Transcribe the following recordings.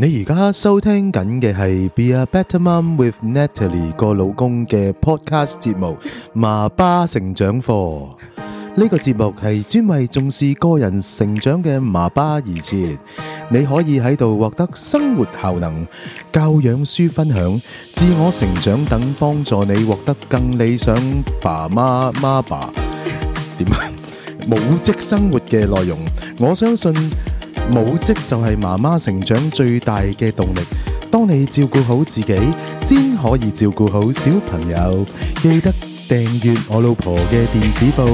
你而家收聽緊嘅係 Be a Better Mom with Natalie 個老公嘅 podcast 節目《媽媽成長課》，呢個節目係專為重視個人成長嘅媽媽而設，你可以喺度獲得生活效能、教養書分享、自我成長等，幫助你獲得更理想爸媽媽爸點啊！母職生活嘅內容，我相信。母職就係媽媽成長最大嘅動力。當你照顧好自己，先可以照顧好小朋友。記得訂閱我老婆嘅電子報，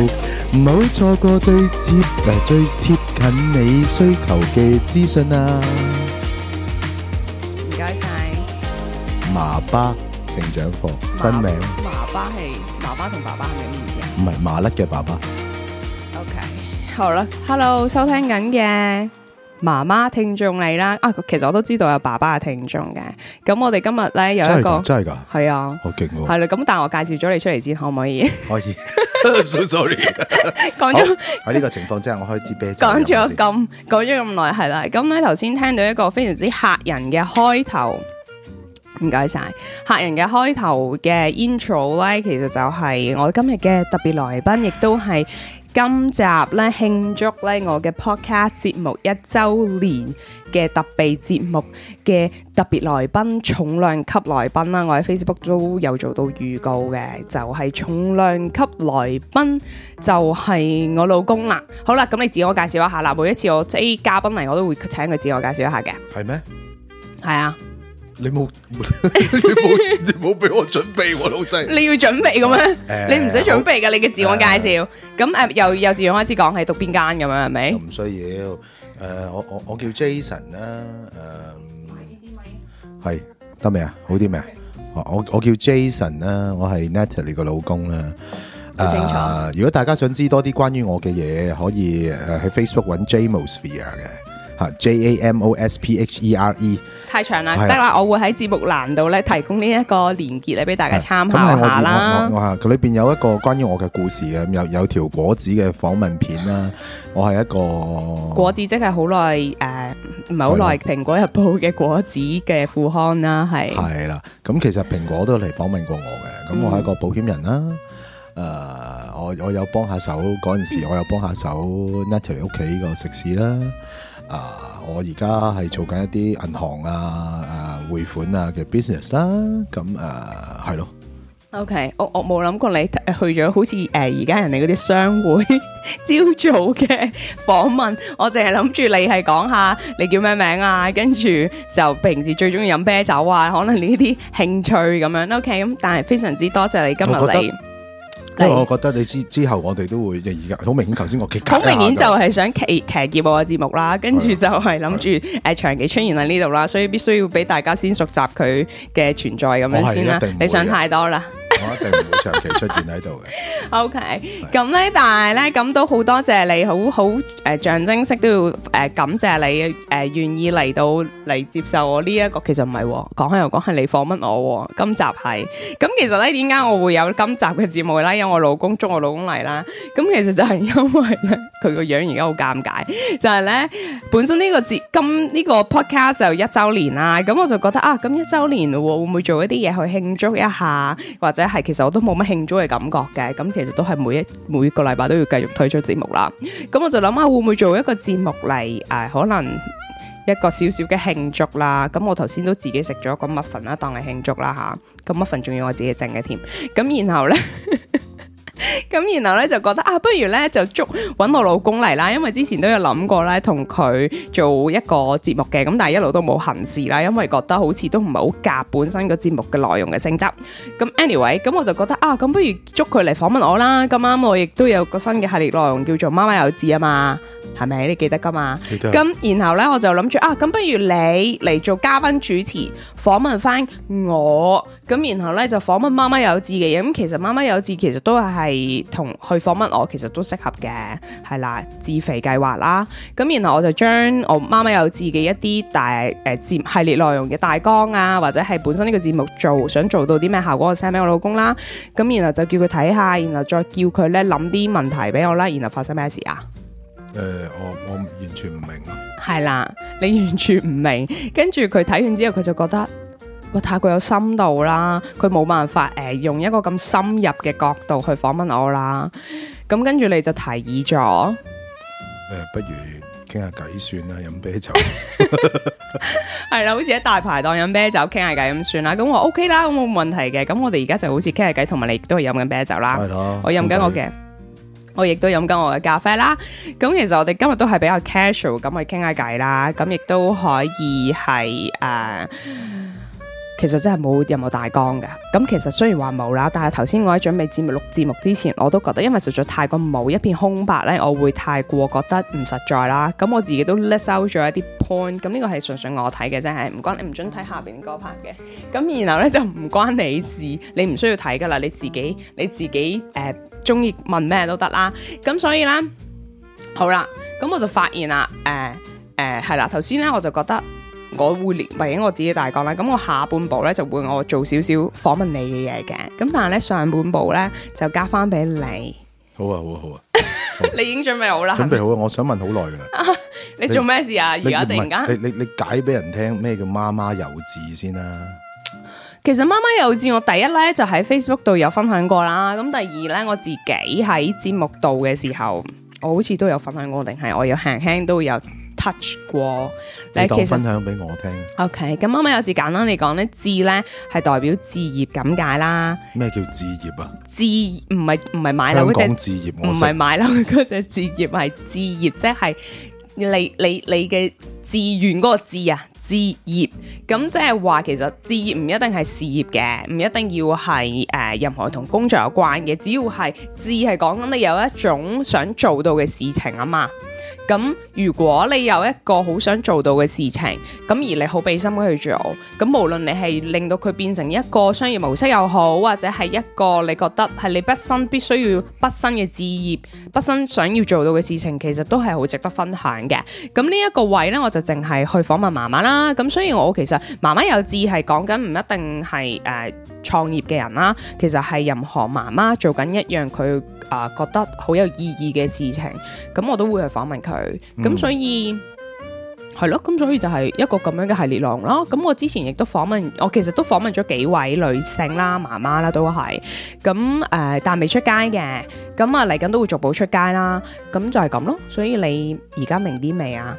唔好錯過最接誒最貼近你需求嘅資訊啊！唔該晒。媽媽成長課新名，媽媽爸爸係媽媽同爸爸係咩意思。唔係馬甩嘅爸爸。OK，好啦，Hello，收聽緊嘅。媽媽聽眾嚟啦，啊，其實我都知道有爸爸嘅聽眾嘅。咁我哋今日咧有一個真係噶，係啊，好勁啊，係啦。咁但係我介紹咗你出嚟先，可唔可以？可以，so sorry，講咗喺呢個情況之下，我可以接啤酒。講咗咁講咗咁耐，係啦。咁咧頭先聽到一個非常之嚇人嘅開頭，唔該晒。嚇人嘅開頭嘅 intro 咧，其實就係我今日嘅特別來賓，亦都係。今集呢慶祝呢我嘅 podcast 節目一周年嘅特備節目嘅特別來賓、重量級來賓啦，我喺 Facebook 都有做到預告嘅，就係重量級來賓就係我老公啦。好啦，咁你自我介紹一下啦。每一次我即係嘉賓嚟，我都會請佢自我介紹一下嘅。係咩？係啊。你冇，你冇，你冇俾我準備喎，老細。你要準備嘅咩？誒，你唔使準備噶，你嘅自我介紹。咁誒，由幼稚園開始講係讀邊間咁樣，係咪？唔需要。誒，我我我叫 Jason 啦。誒，係得未啊？好啲咩？我我叫 Jason 啦，我係 Natalie 嘅老公啦。好精彩。如果大家想知多啲關於我嘅嘢，可以誒喺 Facebook 揾 JAmosphere 嘅。J A M O S P H E R E 太長啦，得啦，我會喺節目欄度咧提供呢一個連結咧，俾大家參考下啦。我佢裏邊有一個關於我嘅故事嘅，有有條果子嘅訪問片啦。我係一個果子，即係好耐誒，唔係好耐，《蘋果日報》嘅果子嘅副刊啦，係係啦。咁其實蘋果都嚟訪問過我嘅，咁我係一個保險人啦。誒，我我有幫下手嗰陣時，我有幫下手 Natalie 屋企個食肆啦。啊！Uh, 我而家係做緊一啲銀行啊、誒、啊、匯款啊嘅 business 啦，咁誒係咯。Okay，我我冇諗過你去咗好似誒而家人哋嗰啲商會 朝早嘅訪問，我淨係諗住你係講下你叫咩名啊，跟住就平時最中意飲啤酒啊，可能呢啲興趣咁樣。OK，咁但係非常之多謝你今日嚟。對因為我覺得你之之後，我哋都會即係而家好明顯，頭先我騎好明顯就係想騎騎劫我嘅節目啦，跟住就係諗住誒長期出現喺呢度啦，所以必須要俾大家先熟習佢嘅存在咁樣先啦。你想太多啦。我一定唔會長期出現喺度嘅。O K，咁咧，但係咧，咁都好多謝你，好好誒，象徵式都要誒，感謝你誒，願意嚟到嚟接受我呢一個。其實唔係，講開又講係你訪問我。今集係咁，其實咧，點解我會有今集嘅節目咧？因為我老公捉我老公嚟啦。咁其實就係因為咧，佢個樣而家好尷尬。就係咧，本身呢個節今呢個 podcast 就一周年啦。咁我就覺得啊，咁一周年喎，會唔會做一啲嘢去慶祝一下，或者？係，其實我都冇乜慶祝嘅感覺嘅，咁其實都係每一每個禮拜都要繼續推出節目啦。咁我就諗下會唔會做一個節目嚟，誒、呃、可能一個小小嘅慶祝啦。咁我頭先都自己食咗個麥芬啦，當係慶祝啦嚇。咁麥芬仲要我自己整嘅添。咁然後呢？ 咁 然後咧就覺得啊，不如咧就捉搵我老公嚟啦，因為之前都有諗過咧同佢做一個節目嘅，咁但係一路都冇行事啦，因為覺得好似都唔係好夾本身個節目嘅內容嘅性質。咁 anyway，咁我就覺得啊，咁不如捉佢嚟訪問我啦，咁啱我亦都有個新嘅系列內容叫做媽媽有智啊嘛，係咪？你記得噶嘛？記得。咁然後咧我就諗住啊，咁不如你嚟做嘉賓主持，訪問翻我，咁然後咧就訪問媽媽有智嘅嘢。咁其實媽媽有智其實都係。同去訪問，我其實都適合嘅，係啦，自肥計劃啦。咁然後我就將我媽媽有自己一啲大誒節、呃、系列內容嘅大綱啊，或者係本身呢個節目做想做到啲咩效果，我 send 俾我老公啦。咁然後就叫佢睇下，然後再叫佢咧諗啲問題俾我啦。然後發生咩事啊？誒、呃，我我完全唔明啊！係啦，你完全唔明，跟住佢睇完之後，佢就覺得。我太過有深度啦，佢冇辦法誒用一個咁深入嘅角度去訪問我啦。咁跟住你就提議咗，不如傾下偈算啦，飲啤酒。係啦，好似喺大排檔飲啤酒傾下偈咁算啦。咁我 OK 啦，冇問題嘅。咁我哋而家就好似傾下偈，同埋你都係飲緊啤酒啦。係咯。我飲緊我嘅，我亦都飲緊我嘅咖啡啦。咁其實我哋今日都係比較 casual 咁去傾下偈啦。咁亦都可以係誒。其實真係冇任何大綱噶，咁其實雖然話冇啦，但係頭先我喺準備節目錄節目之前，我都覺得因為實在太過冇一片空白咧，我會太過覺得唔實在啦。咁我自己都 list out 咗一啲 point，咁呢個係純粹我睇嘅，真係唔關你唔準睇下邊嗰 part 嘅。咁然後咧就唔關你事，你唔需要睇噶啦，你自己你自己誒中意問咩都得啦。咁所以咧好啦，咁我就發現、呃呃、啦，誒誒係啦，頭先咧我就覺得。我會連埋應我自己大綱啦，咁我下半部咧就會我做少少訪問你嘅嘢嘅，咁但係咧上半部咧就交翻俾你好、啊。好啊好啊好啊， 你已經準備好啦？準備好啊！吧我想問好耐噶啦， 你做咩事啊？而家突然間，你你你解俾人聽咩叫媽媽幼稚先啦、啊？其實媽媽幼稚，我第一咧就喺 Facebook 度有分享過啦，咁第二咧我自己喺節目度嘅時候，我好似都有分享過，定係我有輕輕都會有。touch 過，你當 其實分享俾我聽。O K，咁啱啱有字簡單你講咧，字咧係代表置業咁解啦。咩叫置業啊？置唔係唔係買樓嗰隻置業，唔係買樓嗰隻置業，係置業，即係你你你嘅志願嗰個志啊，置業。咁即係話，其實置業唔一定係事業嘅，唔一定要係誒、呃、任何同工作有關嘅，只要係置」。係講緊你有一種想做到嘅事情啊嘛。咁如果你有一個好想做到嘅事情，咁而你好俾心去做，咁無論你係令到佢變成一個商業模式又好，或者係一個你覺得係你畢生必須要畢生嘅志業，畢生想要做到嘅事情，其實都係好值得分享嘅。咁呢一個位呢，我就淨係去訪問媽媽啦。咁所以我其實媽媽有志係講緊，唔一定係誒。呃創業嘅人啦，其實係任何媽媽做緊一樣佢啊覺得好有意義嘅事情，咁我都會去訪問佢。咁、嗯、所以係咯，咁所以就係一個咁樣嘅系列咯。咁我之前亦都訪問，我其實都訪問咗幾位女性啦、媽媽啦都，都係咁誒，但未出街嘅。咁啊嚟緊都會逐步出街啦。咁就係咁咯。所以你而家明啲未啊？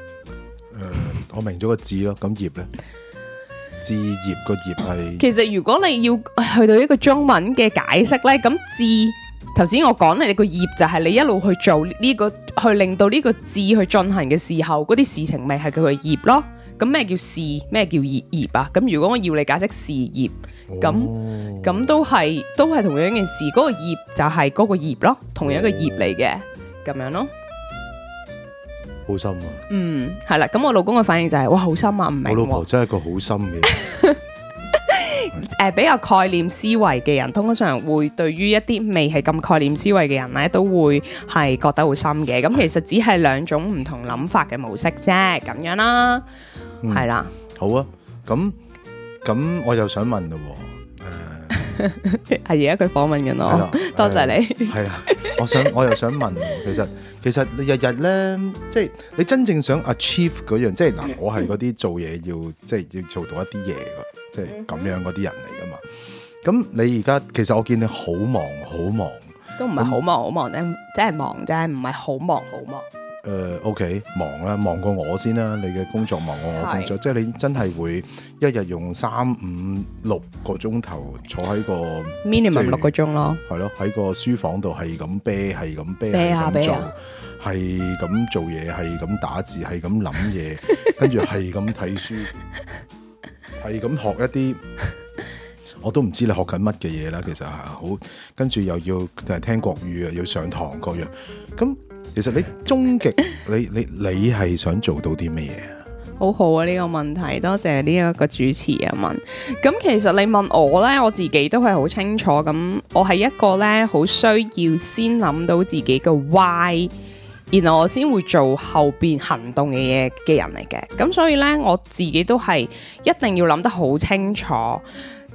誒、呃，我明咗個字咯。咁業咧？字業，個業係，業業其實，如果你要去到一個中文嘅解釋呢，咁字頭先我講咧，你個業就係你一路去做呢，這個，去令到呢個字去進行嘅時候，嗰啲事情咪係佢個業咯。咁咩叫事？咩叫業業啊？咁如果我要你解釋事業，咁咁、哦、都係都係同樣一件事，嗰、那個業就係嗰個業咯，同樣嘅業嚟嘅，咁、哦、樣咯。好深啊！嗯，係啦，咁我老公嘅反應就係哇，好深啊，唔明。我老婆真係個好深嘅，誒，比較概念思維嘅人，通常會對於一啲未係咁概念思維嘅人咧，都會係覺得好深嘅。咁其實只係兩種唔同諗法嘅模式啫，咁樣啦，係啦。好啊，咁咁我又想問咯。係而家佢訪問緊我，的多謝你。係啦，我想我又想問， 其實其實你日日咧，即係你真正想 achieve 嗰樣，即係嗱，我係嗰啲做嘢要即係要做到一啲嘢即係咁樣嗰啲人嚟噶嘛。咁、嗯、哼你而家其實我見你好忙好忙，忙都唔係好忙好我忙，真真係忙啫，唔係好忙好忙。誒，OK，忙啦，忙過我先啦。你嘅工作忙過我工作，即係你真係會一日用三五六個鐘頭坐喺個，minimum 六個鐘咯，係咯，喺個書房度係咁啤，係咁啤，係咁做，係咁做嘢，係咁打字，係咁諗嘢，跟住係咁睇書，係咁學一啲，我都唔知你學緊乜嘅嘢啦。其實係好，跟住又要誒聽國語啊，要上堂各樣咁。其實你終極， 你你你係想做到啲咩嘢？好好啊，呢個問題，多謝呢一個主持人問。咁其實你問我呢，我自己都係好清楚。咁我係一個呢，好需要先諗到自己嘅 why，然後我先會做後邊行動嘅嘢嘅人嚟嘅。咁所以呢，我自己都係一定要諗得好清楚，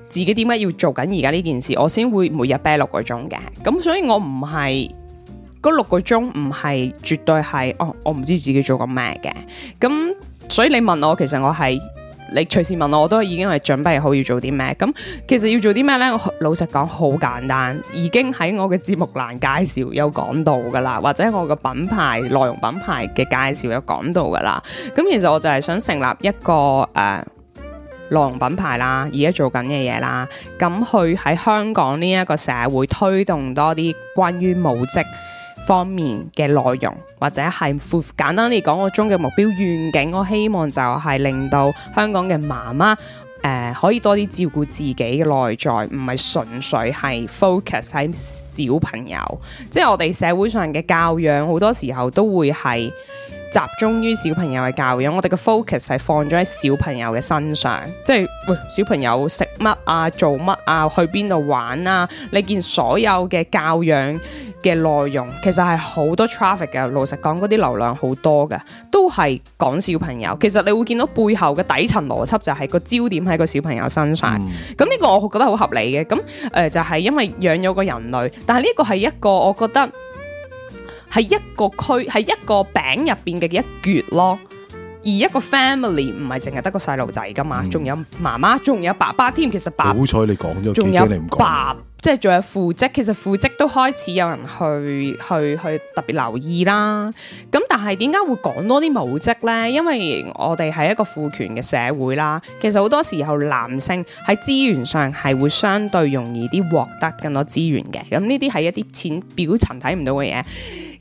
自己點解要做緊而家呢件事，我先會每日啤六個鐘嘅。咁所以我唔係。嗰六個鐘唔係絕對係，哦，我唔知自己做緊咩嘅。咁、嗯、所以你問我，其實我係你隨時問我，我都已經係準備好要做啲咩。咁、嗯、其實要做啲咩呢？我老實講好簡單，已經喺我嘅節目欄介紹有講到噶啦，或者我嘅品牌內容品牌嘅介紹有講到噶啦。咁、嗯、其實我就係想成立一個誒、呃、內容品牌啦，而家做緊嘅嘢啦，咁、嗯、去喺香港呢一個社會推動多啲關於母職方面嘅內容，或者係簡單啲講，我終嘅目標願景，我希望就係令到香港嘅媽媽誒可以多啲照顧自己嘅內在，唔係純粹係 focus 喺小朋友，即係我哋社會上嘅教養好多時候都會係，集中於小朋友嘅教養，我哋嘅 focus 係放咗喺小朋友嘅身上，即係餵小朋友食乜啊、做乜啊、去邊度玩啊？你見所有嘅教養嘅內容，其實係好多 traffic 嘅。老實講，嗰啲流量好多嘅，都係講小朋友。其實你會見到背後嘅底層邏輯就係個焦點喺個小朋友身上。咁呢、嗯、個我覺得好合理嘅。咁誒、呃、就係、是、因為養咗個人類，但係呢個係一個我覺得。係一個區，係一個餅入面嘅一橛咯。而一個 family 唔係淨係得個細路仔噶嘛仲、嗯、有媽媽，仲有爸爸添。其實爸爸好彩你講咗，仲有爸爸。即係仲有父職，其實父職都開始有人去去去特別留意啦。咁但係點解會講多啲母職呢？因為我哋係一個父權嘅社會啦。其實好多時候男性喺資源上係會相對容易啲獲得更多資源嘅。咁呢啲係一啲淺表層睇唔到嘅嘢。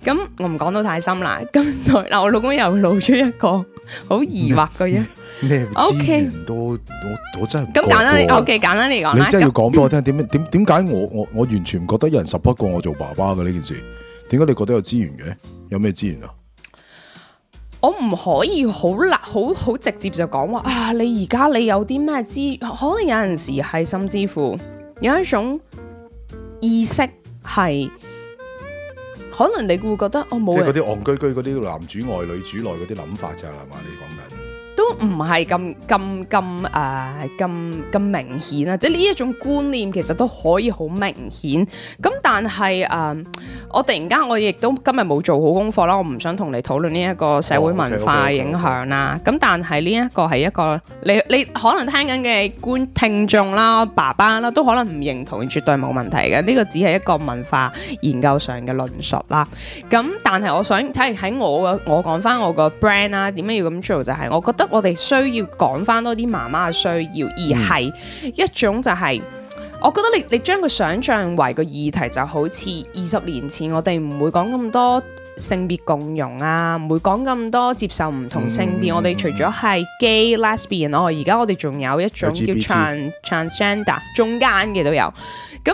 咁我唔講到太深啦。咁嗱，我老公又露出一個好疑惑嘅樣。咩資源都 Okay. 我我真係咁簡單，O、okay, K 簡單嚟講，你真係要講俾我聽點點點解我我我完全唔覺得有人 support 過我做爸爸嘅呢件事，點解你覺得有資源嘅？有咩資源啊？我唔可以好難好好直接就講話啊！你而家你有啲咩資？可能有陣時係甚至乎有一種意識係，可能你會覺得我冇、哦、即係嗰啲戇居居嗰啲男主外女主內嗰啲諗法咋係嘛？你講緊。都唔係咁咁咁誒，咁咁明顯啊！即係呢一種觀念其實都可以好明顯咁，但係誒，我突然間我亦都今日冇做好功課啦，我唔想同你討論呢一個社會文化影響啦。咁但係呢一個係一個你你可能聽緊嘅觀聽眾啦、爸爸啦，都可能唔認同，絕對冇問題嘅。呢個只係一個文化研究上嘅論述啦。咁但係我想睇喺我個我講翻我個 brand 啦，點解要咁做就係我覺得。我哋需要講翻多啲媽媽嘅需要，而係一種就係、是，我覺得你你將佢想象為個議題，就好似二十年前我哋唔會講咁多性別共融啊，唔會講咁多接受唔同性別，嗯、我哋除咗係 gay lesbian，哦，而家我哋仲有一種叫 trans LGBT transgender，中間嘅都有，咁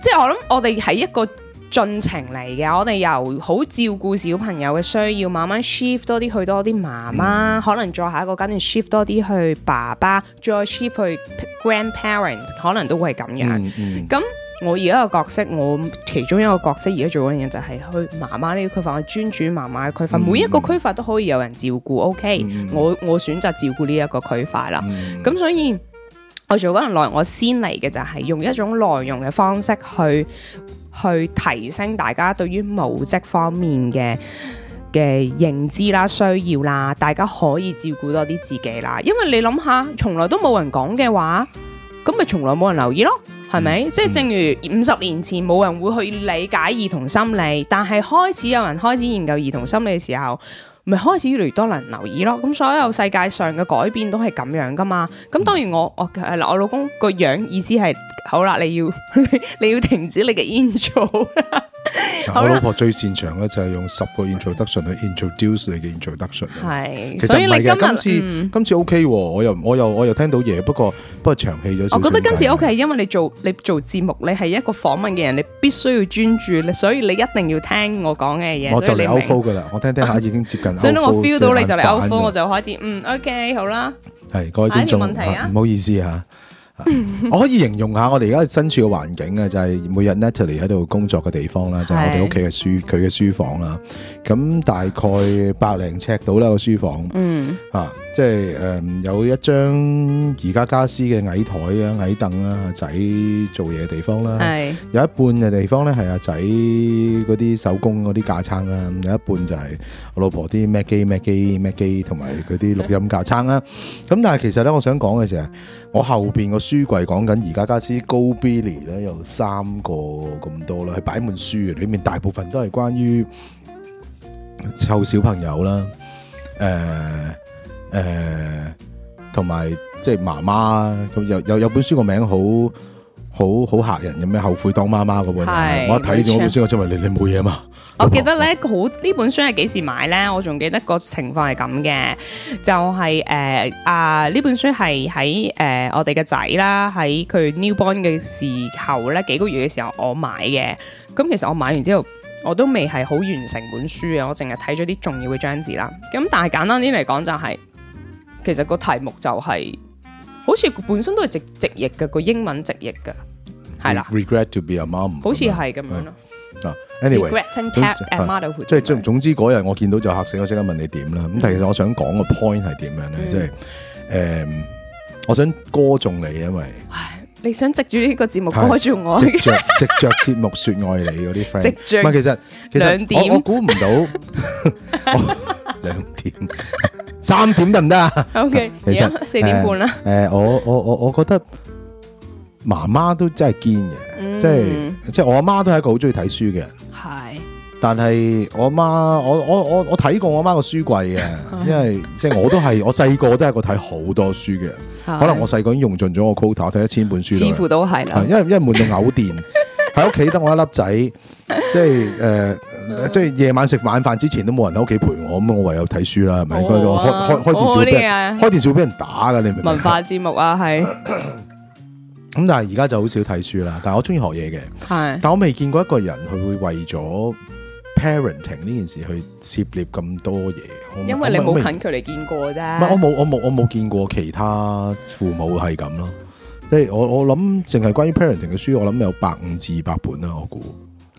即係我諗我哋喺一個。盡情嚟嘅，我哋由好照顧小朋友嘅需要，慢慢 shift 多啲去多啲媽媽，嗯、可能再下一個階段 shift 多啲去爸爸，再 shift 去 grandparents，可能都會係咁樣。咁、嗯嗯、我而家個角色，我其中一個角色而家做緊嘢就係去媽媽呢個區塊，我專注媽媽嘅區塊，每一個區塊都可以有人照顧。OK，我我選擇照顧呢一個區塊啦。咁、嗯嗯、所以。我做嗰輪內，我先嚟嘅就係用一種內容嘅方式去去提升大家對於母職方面嘅嘅認知啦、需要啦，大家可以照顧多啲自己啦。因為你諗下，從來都冇人講嘅話，咁咪從來冇人留意咯，係咪？嗯、即係正如五十年前冇人會去理解兒童心理，但係開始有人開始研究兒童心理嘅時候。咪開始越嚟越多人留意咯，咁所有世界上嘅改變都係咁樣㗎嘛，咁當然我我我老公個樣子意思係好啦，你要 你要停止你嘅煙草。我老婆最擅長咧就係用十個 introduction 去 introduce 你嘅 introduction。係，其實你今次，今次 OK，我又我又我又聽到嘢，不過不過長氣咗。我覺得今次 OK 係因為你做你做節目你係一個訪問嘅人，你必須要專注，所以你一定要聽我講嘅嘢。我就嚟 outflow 噶啦，我聽聽下已經接近 outflow 所以我 feel 到你就嚟 outflow 我就開始嗯 OK 好啦。係，各位觀眾，唔好意思啊。 我可以形容下我哋而家身處嘅環境啊，就係每日 Natalie 喺度工作嘅地方啦，就係我哋屋企嘅書佢嘅書房啦。咁大概百零尺到啦個書房，吓，即係誒有一張宜家家私嘅矮台啊、矮凳啦，阿仔做嘢嘅地方啦。係有一半嘅地方咧，係阿仔嗰啲手工嗰啲架撐啦，有一半就係我老婆啲 Mac 機、Mac 機、Mac 機同埋嗰啲錄音架撐啦。咁是、嗯、但係其實咧，我想講嘅就係。我後邊個書櫃，講緊而家家私高 Billy 咧有三個咁多啦，係擺滿書嘅，裏面大部分都係關於湊小朋友啦，誒、呃、誒，同埋即係媽媽咁，有有有本書個名好。好好吓人，有咩後悔當媽媽咁樣？我一睇咗本書，我出為你你冇嘢啊嘛！我記得咧我 好呢本書係幾時買咧？我仲記得個情況係咁嘅，就係誒啊呢本書係喺誒我哋嘅仔啦，喺佢 newborn 嘅時候咧，幾個月嘅時候我買嘅。咁其實我買完之後，我都未係好完成本書啊，我淨係睇咗啲重要嘅章字啦。咁但係簡單啲嚟講就係、是，其實個題目就係、是。好似本身都係直直譯嘅個英文直譯嘅係啦，regret to be a mum，好似係咁樣咯。Anyway，regretting to be a mother，即係總總之嗰日我見到就嚇死我，即刻問你點啦。咁但係其實我想講個 point 係點樣咧，即係誒，我想歌頌你，因為你想藉住呢個節目歌頌我，藉藉住節目說愛你嗰啲 friend。唔係，其實其實我我估唔到兩點。三點得唔得啊？OK，yeah, 實四點半啦。誒、呃，我我我我覺得媽媽都真係堅嘅，即係即係我阿媽都係一個好中意睇書嘅人。係是，但係我媽，我我我我睇過我媽個書櫃嘅，因為即係我都係我細個都係一個睇好多書嘅人。可能我細個已經用盡咗我 quota 睇一千本書，似乎都係啦。因為因為悶到嘔電。 喺屋企得我一粒仔，即係誒，呃、 即係夜晚食晚飯之前都冇人喺屋企陪我，咁我唯有睇書啦，係咪？應該、oh, 開開開電視，開電視會俾人，人打㗎，你明唔明？文化節目啊，係。咁但係而家就好少睇書啦，但係我中意學嘢嘅，係，但我未見過一個人佢會為咗 parenting 呢件事去涉獵咁多嘢，因為你冇近距離見過咋。唔係我冇，我冇，我冇見過其他父母係咁咯。即係我我諗淨係關於 parenting 嘅書，我諗有百五至二百本啦，我估們。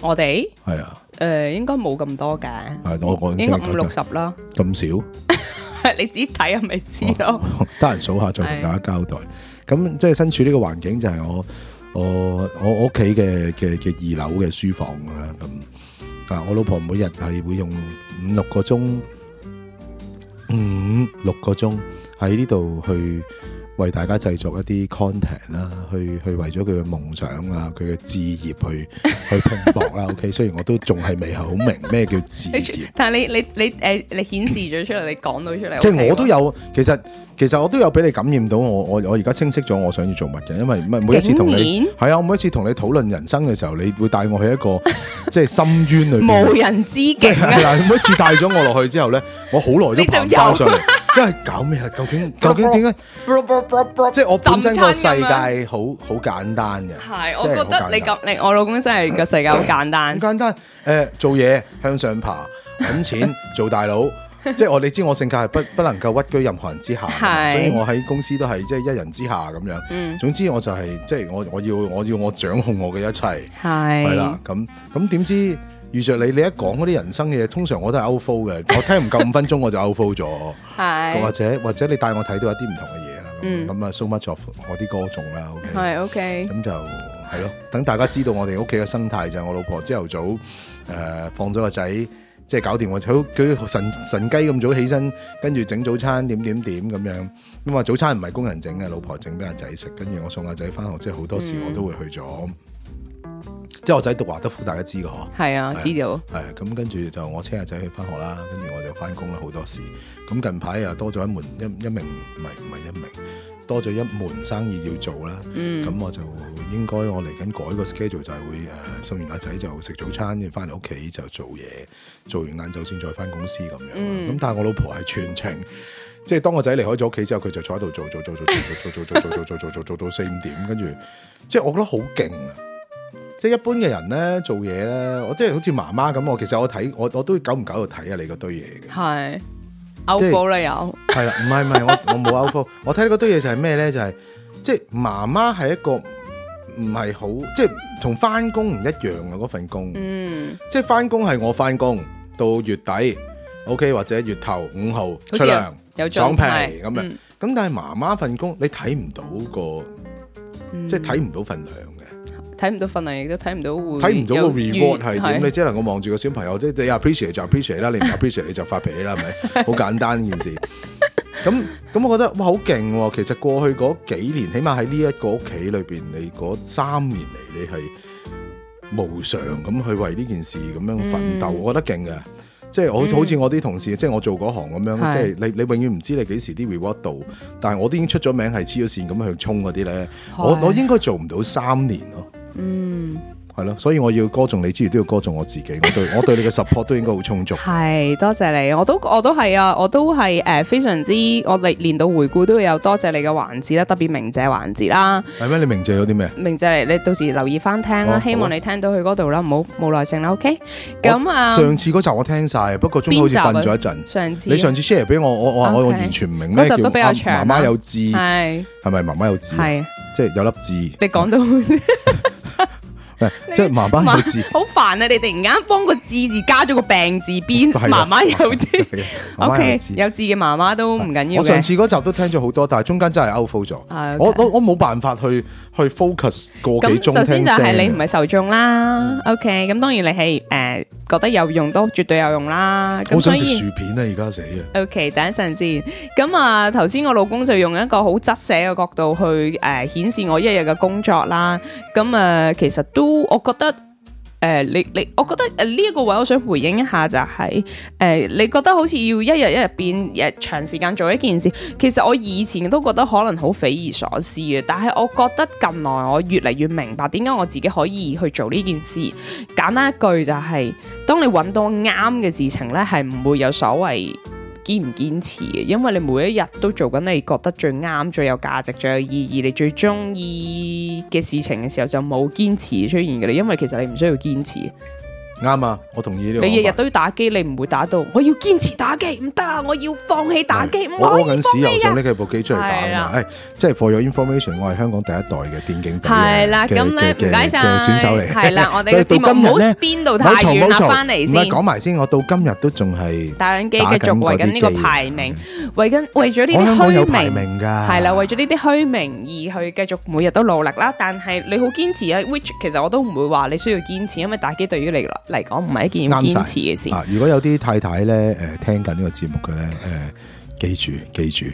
我哋係啊，誒，嗯、應該冇咁多嘅，係我我應該五六十啦，咁少， 你自己睇啊，咪知咯。得閒數下再同大家交代。咁、啊、即係身處呢個環境就，就係我我我我屋企嘅嘅嘅二樓嘅書房啦。咁啊，我老婆每日係會用五六個鐘，五六個鐘喺呢度去。為大家製作一啲 content 啦，去去為咗佢嘅夢想啊，佢嘅志業去去拼搏啦。OK，雖然我都仲係未係好明咩叫志業， 但係你你你誒，你顯示咗出嚟，你講到出嚟，即係我都有。嗯、其實其實我都有俾你感染到我，我我我而家清晰咗我想要做乜嘅，因為唔係每一次同你係然啊，我每一次同你討論人生嘅時候，你會帶我去一個 即係深淵裏冇人之境、啊就是，每一次帶咗我落去之後咧，我好耐都爬翻上嚟。 因為搞咩啊？究竟究竟點解？即係 我本身個世界好好簡單嘅。係， 簡單，我覺得你咁，你我老公真係個世界好簡單。 簡單誒、呃，做嘢向上爬，搵錢做大佬。即係 我你知我性格係不不能夠屈居任何人之下， 所以我喺公司都係即係一人之下咁樣。嗯，總之我就係即係我我要我要我掌控我嘅一切。係，係 啦，咁咁點知？遇着你，你一講嗰啲人生嘅嘢，通常我都係 outflow 嘅，我聽唔夠五分鐘 我就 outflow 咗，或者 Hi. 或者你帶我睇到一啲唔同嘅嘢啦，咁咁啊 so much of 我啲歌仲啦，OK，咁、mm. 就係咯，等大家知道我哋屋企嘅生態就係、是、我老婆朝頭早誒、呃、放咗個仔，即係搞掂我，佢佢神神雞咁早起身，跟住整早餐點點點咁樣，咁話早餐唔係工人整嘅，老婆整俾阿仔食，跟住我送阿仔翻學，即係好多時我都會去咗。Mm. 即係我仔讀華德福，大家知噶嗬。係啊，知道。係咁，跟住就我車阿仔去翻學啦，跟住我就翻工啦，好多事。咁近排又多咗一門一一名，唔係唔係一名，多咗一門生意要做啦。咁我就應該我嚟緊改個 schedule，就係會誒送完阿仔就食早餐，跟住翻嚟屋企就做嘢，做完晏晝先再翻公司咁樣。咁但係我老婆係全程，即係當我仔離開咗屋企之後，佢就坐喺度做做做做做做做做做做做做做做做到四五點，跟住即係我覺得好勁啊！即係一般嘅人咧，做嘢咧，我即係好似媽媽咁，我其實我睇我我都久唔久就睇下你嗰堆嘢嘅。係 outflow 啦，又係啦，唔係唔係，我我冇 o u t 我睇呢嗰堆嘢就係咩咧？就係、是、即係媽媽係一個唔係好即係同翻工唔一樣嘅、啊、嗰份工。嗯，即係翻工係我翻工到月底，OK 或者月頭五號出糧量有獎評咁啊，咁、嗯嗯、但係媽媽份工你睇唔到個，嗯、即係睇唔到份量。睇唔到份量亦都睇唔到會，睇唔到個 reward 係點，你只能夠望住個小朋友，即係你 appreciate 就 appreciate 啦，你唔 appreciate 你就發脾氣啦，係咪？好簡單呢件事。咁咁，我覺得哇，好勁！其實過去嗰幾年，起碼喺呢一個屋企裏邊，你嗰三年嚟，你係無常咁去為呢件事咁樣奮鬥，我覺得勁嘅。即係我好似我啲同事，即係我做嗰行咁樣，即係你你永遠唔知你幾時啲 reward 到，但係我都已經出咗名，係黐咗線咁樣去衝嗰啲咧。我我應該做唔到三年咯。嗯，係咯，所以我要歌頌你之餘，都要歌頌我自己。我對我對你嘅 support 都應該好充足。係，多謝你，我都我都係啊，我都係誒，非常之我連連到回顧，都會有多謝你嘅環節啦，特別鳴謝環節啦。係咩？你鳴謝有啲咩？鳴謝你到時留意翻聽啦，希望你聽到佢嗰度啦，唔好冇耐性啦。OK，咁啊，上次嗰集我聽晒，不過中途好似瞓咗一陣。上次你上次 share 俾我，我我我完全唔明嘅，嗰集都比較長。媽媽有字係，係咪媽媽有字？係，即係有粒字。你講到。你即係媽媽個字好煩啊！你突然間幫個字字加咗個病字邊，媽媽了有啲。o K 有字嘅媽媽都唔緊要。我上次嗰集都聽咗好多，但係中間真係 out focus, okay, 我我我冇辦法去去 focus 個幾鐘聽聲。咁首先就係你唔係受眾啦，O K 咁當然你係誒、呃、覺得有用都絕對有用啦。咁所以，好想食薯片啊！而家死啊！O K 等一陣先。咁啊，頭先我老公就用一個好質寫嘅角度去誒顯、呃、示我一日嘅工作啦。咁啊，其實都。都，我覺得誒、呃，你你，我覺得誒呢一個位，我想回應一下就係、是，誒、呃、你覺得好似要一日一日變，誒、呃、長時間做一件事，其實我以前都覺得可能好匪夷所思嘅，但係我覺得近來我越嚟越明白點解我自己可以去做呢件事，簡單一句就係、是，當你揾到啱嘅事情呢，係唔會有所謂。堅唔堅持嘅，因為你每一日都做緊你覺得最啱、最有價值、最有意義、你最中意嘅事情嘅時候，就冇堅持出現嘅啦你，因為其實你唔需要堅持。啱啊，我同意呢。你日日都要打機，你唔會打到？我要堅持打機，唔得啊！我要放棄打機，唔好。我屙緊屎又想拎佢部機出嚟打啊！即係 for your information，我係香港第一代嘅電競嘅嘅嘅選手嚟。係啦，咁咧唔該晒。係啦，我哋唔好邊度太遠啦，翻嚟先。唔係講埋先，我到今日都仲係打緊機嘅，繼續為緊呢個排名，為緊為咗呢啲虛名。噶係啦，為咗呢啲虛名而去繼續每日都努力啦。但係你好堅持啊，which 其實我都唔會話你需要堅持，因為打機對於你噶啦。嚟講唔係一件堅持嘅事。啊，如果有啲太太咧，誒，聽緊呢個節目嘅咧，誒，記住記住，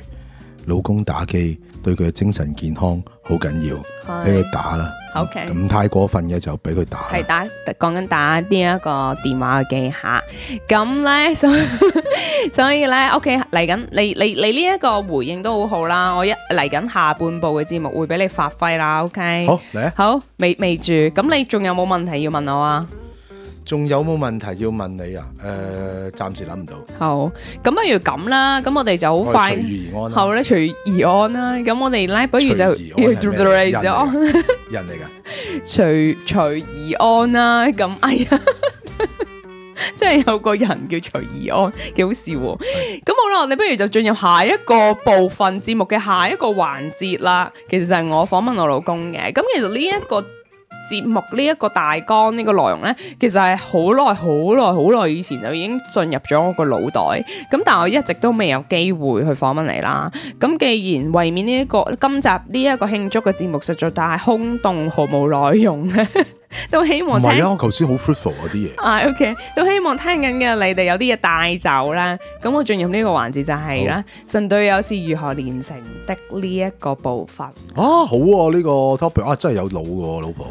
老公打機對佢嘅精神健康好緊要，俾佢打啦。OK，咁太過分嘅就俾佢打。係打，講緊打呢一個電話嘅機下。咁咧，所以所以咧，OK，嚟緊你你你呢一個回應都好好啦。我一嚟緊下半部嘅節目會俾你發揮啦。OK，好嚟啊，好未未住，咁你仲有冇問題要問我啊？仲有冇問題要問你啊？誒，暫時諗唔到。好，咁不如咁啦，咁我哋就好快。隨遇而安啦。好咧，隨遇而安啦。咁我哋咧，不如就。人嚟嘅。隨隨遇安啦，咁哎呀，即係有個人叫隨遇安，幾好笑。咁好啦，我哋不如就進入下一個部分節目嘅下一個環節啦。其實就係我訪問我老公嘅。咁其實呢一個。節目呢一個大綱呢個內容呢，其實係好耐好耐好耐以前就已經進入咗我個腦袋，咁但係我一直都未有機會去訪問你啦。咁既然為免呢、這、一個今集呢一個慶祝嘅節目實在太空洞毫無內，毫冇內容咧。都希望唔係啊！我頭先好 frivol 啊啲嘢啊 OK，都希望聽緊嘅、啊啊 okay、你哋有啲嘢帶走啦。咁我進入呢個環節就係、是、啦，神隊友是如何練成的呢一個部分啊！好啊，呢、這個 topic 啊真係有腦嘅老婆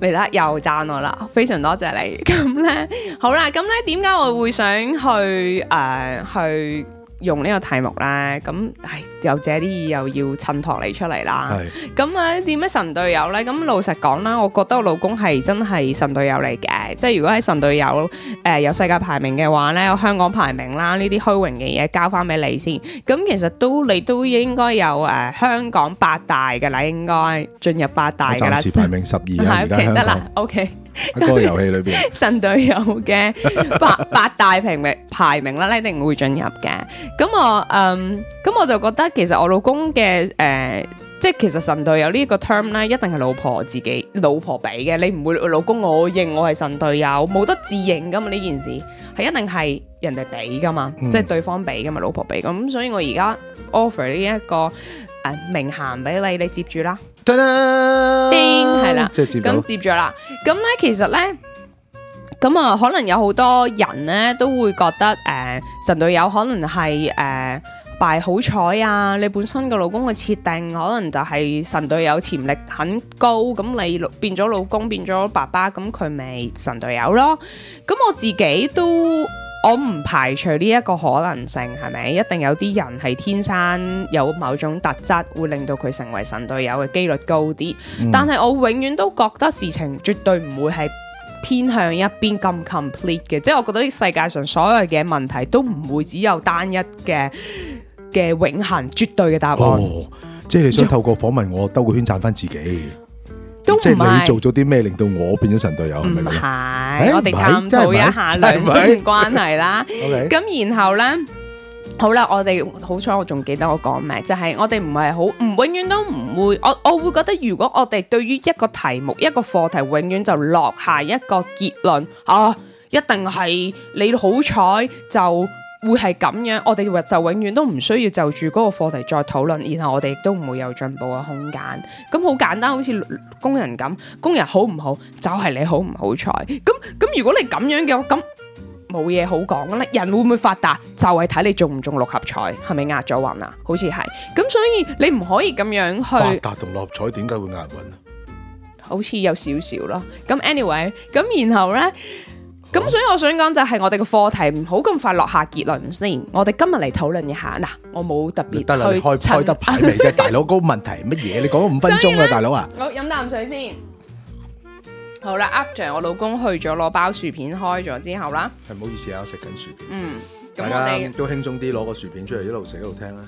嚟啦、啊，又讚我啦，非常多謝你。咁咧 好啦、啊，咁咧點解我會想去誒、呃、去？用呢個題目啦，咁唉又借啲意又要襯托你出嚟啦。係咁啊，點樣神隊友呢？咁老實講啦，我覺得我老公係真係神隊友嚟嘅。即係如果喺神隊友誒有世界排名嘅話呢，有香港排名啦，呢啲虛榮嘅嘢交翻俾你先。咁其實都你都應該有誒香港八大嘅啦，應該進入八大嘅啦。暫時排名十二啊，而家香港。喺個遊戲裏邊，神隊友嘅八八大排名排名啦，你一定會進入嘅。咁我嗯，咁我就覺得其實我老公嘅誒，即係其實神隊友呢一個 term 咧，一定係老婆自己老婆俾嘅。你唔會老公我認我係神隊友，冇得自認噶嘛。呢件事係一定係人哋俾噶嘛，即係對方俾噶嘛，老婆俾。咁所以我而家 offer 呢一個誒名銜俾你，你接住啦。叮，係啦，咁接住啦、嗯，咁咧、嗯、其實咧，咁、嗯、啊可能有好多人咧都會覺得誒、呃、神隊友可能係誒敗好彩啊，你本身個老公嘅設定可能就係神隊友潛力很高，咁、嗯、你變咗老公變咗爸爸，咁佢咪神隊友咯，咁、嗯、我自己都。我唔排除呢一個可能性，係咪？一定有啲人係天生有某種特質，會令到佢成為神隊友嘅幾率高啲。嗯、但係我永遠都覺得事情絕對唔會係偏向一邊咁 complete 嘅，即係我覺得呢世界上所有嘅問題都唔會只有單一嘅嘅永恒絕對嘅答案。哦、即係你想透過訪問我兜就個圈讚翻自己？即係你做咗啲咩令到我變咗神隊友？唔係，我哋探討一下兩性關係啦。咁然後咧，好啦，我哋好彩，我仲記得我講咩，就係我哋唔係好，唔永遠都唔會，我我會覺得如果我哋對於一個題目一個課題，永遠就落下一個結論啊，一定係你好彩就。會係咁樣，我哋就永遠都唔需要就住嗰個課題再討論，然後我哋亦都唔會有進步嘅空間。咁好簡單，好似工人咁，工人好唔好就係你好唔好彩。咁咁如果你咁樣嘅話，咁冇嘢好講啦。人會唔會發達就係睇你中唔中六合彩，係咪壓咗運啊？好似係。咁所以你唔可以咁樣去發達同六合彩點解會壓運啊？好似有少少咯。咁 anyway，咁然後咧。咁所以我想講就係我哋個課題唔好咁快落下結論先，我哋今日嚟討論一下嗱，我冇特別。得啦，開唔開得牌嚟啫， 大佬，嗰個問題係乜嘢？你講咗五分鐘啦，大佬哥啊。好，飲啖水先。好啦，after 我老公去咗攞包薯片開咗之後啦，唔好意思啊，我食緊薯片。嗯，咁我哋都輕鬆啲，攞個薯片出嚟，一路食一路聽啦。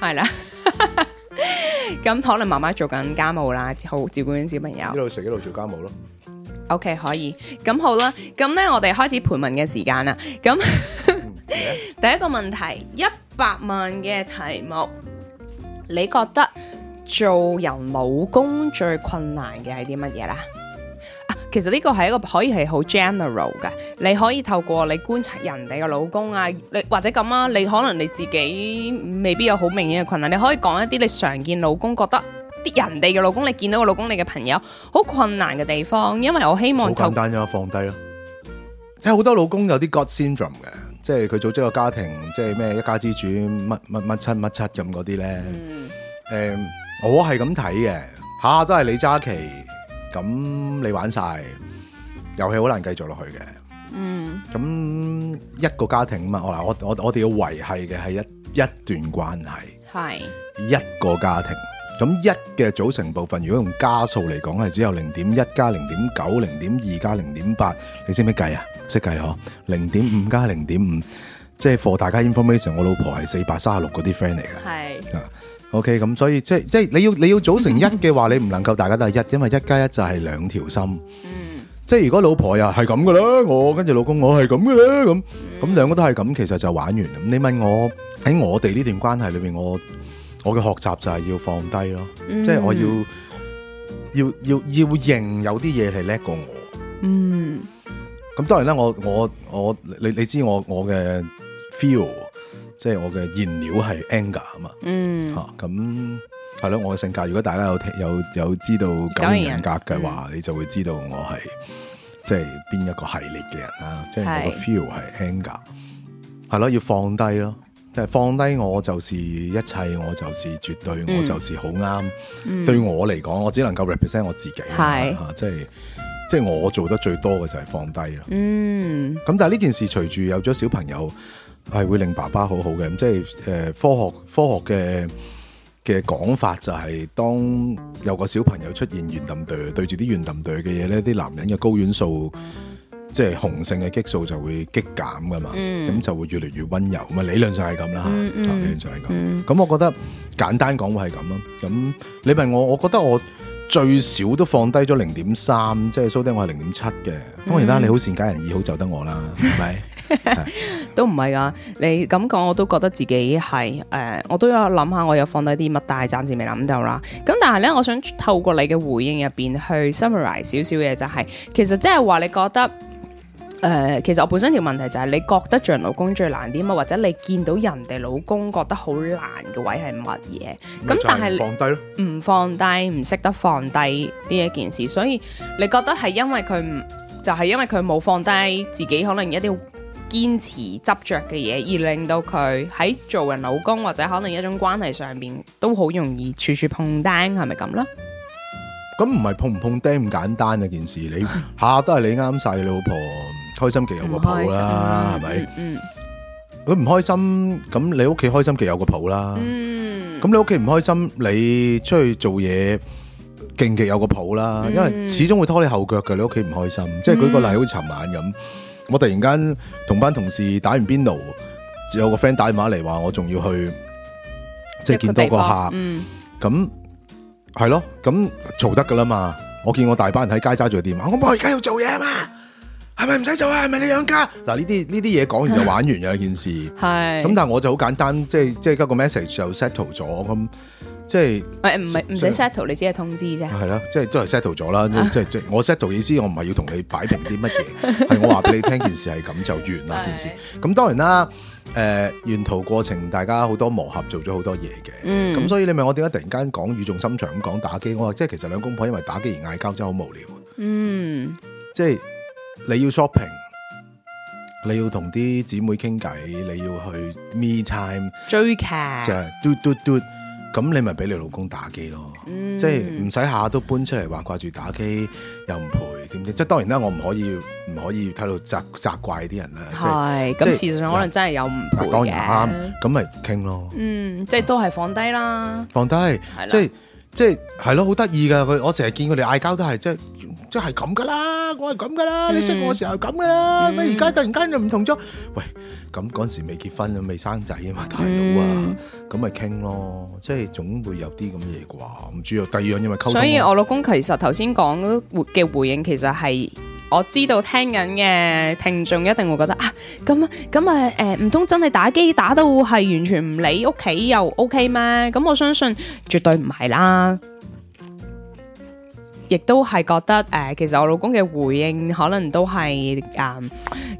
係啦，咁可能媽媽做緊家務啦，好照顧緊小朋友，一路食一路做家務咯。OK，可以咁好啦，咁呢，我哋開始盤問嘅時間啦。咁 第一個問題，一百萬嘅題目，你覺得做人老公最困難嘅係啲乜嘢啦？啊，其實呢個係一個可以係好 general 嘅，你可以透過你觀察人哋嘅老公啊，你或者咁啊，你可能你自己未必有好明顯嘅困難，你可以講一啲你常見老公覺得。啲人哋嘅老公，你見到個老公，你嘅朋友好困難嘅地方，因為我希望好簡單啫，放低啦。有好多老公有啲 God Syndrome 嘅，即係佢組織個家庭，即係咩一家之主，乜乜乜七乜七咁嗰啲咧。誒、嗯欸，我係咁睇嘅，下下都係你揸旗咁你玩晒，遊戲好難繼續落去嘅。嗯，咁一個家庭啊嘛，我嗱我我我哋要維係嘅係一一段關係，係是一個家庭。咁一嘅組成部分，如果用加數嚟講，係只有零點一加零點九，零點二加零點八，你識唔識計啊？識計嗬？零點五加零點五，即係 for 大家 information，我老婆係四百三十六嗰啲 friend 嚟嘅。係啊是，OK，咁所以即係即係你要你要組成一嘅話，你唔能夠大家都係一，因為一加一就係兩條心。嗯，即係如果老婆又係咁嘅啦，我跟住老公我係咁嘅咧，咁咁兩個都係咁，其實就玩完。咁你問我喺我哋呢段關係裏邊，我。我嘅學習就係要放低咯，即係我要、嗯、要要要認有啲嘢係叻過我。我我我我 el, 我 er, 嗯，咁當然啦，我我我你你知我我嘅 feel，即係我嘅燃料係 anger 啊嘛。嗯，吓咁係咯，我嘅性格，如果大家有聽有有,有知道咁嘅性格嘅話，然你就會知道我係、嗯、即係邊一個系列嘅人啦。即係我嘅 feel 係 anger，係咯，要放低咯。就放低我，就是一切，我就是絕對，嗯、我就是好啱。嗯、對我嚟講，我只能夠 represent 我自己，是啊、即係即係我做得最多嘅就係放低啦。咁、嗯、但係呢件事，隨住有咗小朋友，係會令爸爸好好嘅。咁即係誒、呃，科學科學嘅嘅講法就係、是，當有個小朋友出現圓瞪對住啲怨瞪對嘅嘢咧，啲男人嘅睾丸素。即係雄性嘅激素就會激減噶嘛，咁、嗯、就會越嚟越溫柔。咪理論上係咁啦，理論上係咁。咁我覺得簡單講會係咁咯。咁你問我，我覺得我最少都放低咗零點三，即係蘇丁我係零點七嘅。當然啦，你好善解人意，好就得我啦，係咪、嗯？ 是 都唔係噶，你咁講我都覺得自己係誒、呃，我都有諗下我有放低啲乜，但係暫時未諗到啦。咁但係咧，我想透過你嘅回應入邊去 summarize 少少嘅就係、是，其實即係話你覺得。誒、呃，其實我本身條問題就係你覺得做人老公最難啲嘛，或者你見到人哋老公覺得好難嘅位係乜嘢？咁那就 但係是你放低、唔放低、唔識得放低呢一件事，所以你覺得係因為佢，就係、是、因為佢冇放低自己，可能一啲堅持執着嘅嘢，而令到佢喺做人老公或者可能一種關係上面都好容易處處碰釘，係咪咁啦？咁唔係碰唔碰釘咁簡單嘅件事，你下下都係你啱晒嘅老婆。 開心極有個譜啦，係咪、啊吧嗯？嗯，佢唔開心，咁你屋企開心極有個譜啦。嗯，咁你屋企唔開心，你出去做嘢勁極有個譜啦。嗯、因為始終會拖你後腳嘅，你屋企唔開心。即、就、係、是、舉個例好，好似尋晚咁，我突然間同班同事打完邊爐，有個 friend 打電話嚟話我仲要去，即、就、係、是、見多個客。嗯，咁係、嗯、咯，咁嘈得噶啦嘛。我見我大班人喺街揸住電話，我我而家要做嘢啊嘛。係咪唔使做啊？係咪你養家嗱？呢啲呢啲嘢講完就玩完嘅件事。係咁，但係我就好簡單，即係即係個 message 就 settle 咗咁，即係誒，唔係唔使 settle，你只係通知啫。係啦，即係都係 settle 咗啦。即係即我 settle 意思，我唔係要同你擺平啲乜嘢，係我話俾你聽，件事係咁就完啦。件事咁當然啦。誒，沿途過程大家好多磨合，做咗好多嘢嘅。咁所以你問我點解突然間講語重心長咁講打機？我話即係其實兩公婆因為打機而嗌交，真係好無聊。嗯，即係。你要 shopping，你要同啲姊妹傾偈，你要去 me time，追劇，就係嘟嘟嘟。咁你咪俾你老公打機咯，即係唔使下下都搬出嚟話掛住打機又唔陪，點點，即係當然啦，就是就是就是，我唔可以唔可以喺度責責怪啲人咧，係，就是，咁事實上可能真係有唔陪嘅，當然啱，咁咪傾咯，嗯，即係都係放低啦，放低，即係即係係咯，好得意噶，佢我成日見佢哋嗌交都係即係。即係咁噶啦，我係咁噶啦，嗯、你識我嘅時候咁噶啦，咩而家突然間就唔同咗？喂，咁嗰時未結婚啊，未生仔啊嘛，大佬啊，咁咪傾咯，即係總會有啲咁嘢啩，唔知有啊。第二樣，因為溝通，所以我老公其實頭先講嘅回應，其實係我知道聽緊嘅聽眾一定會覺得啊，咁咁啊，誒，唔通真係打機打到係完全唔理屋企又 OK 咩？咁我相信絕對唔係啦。亦都係覺得誒、呃，其實我老公嘅回應可能都係誒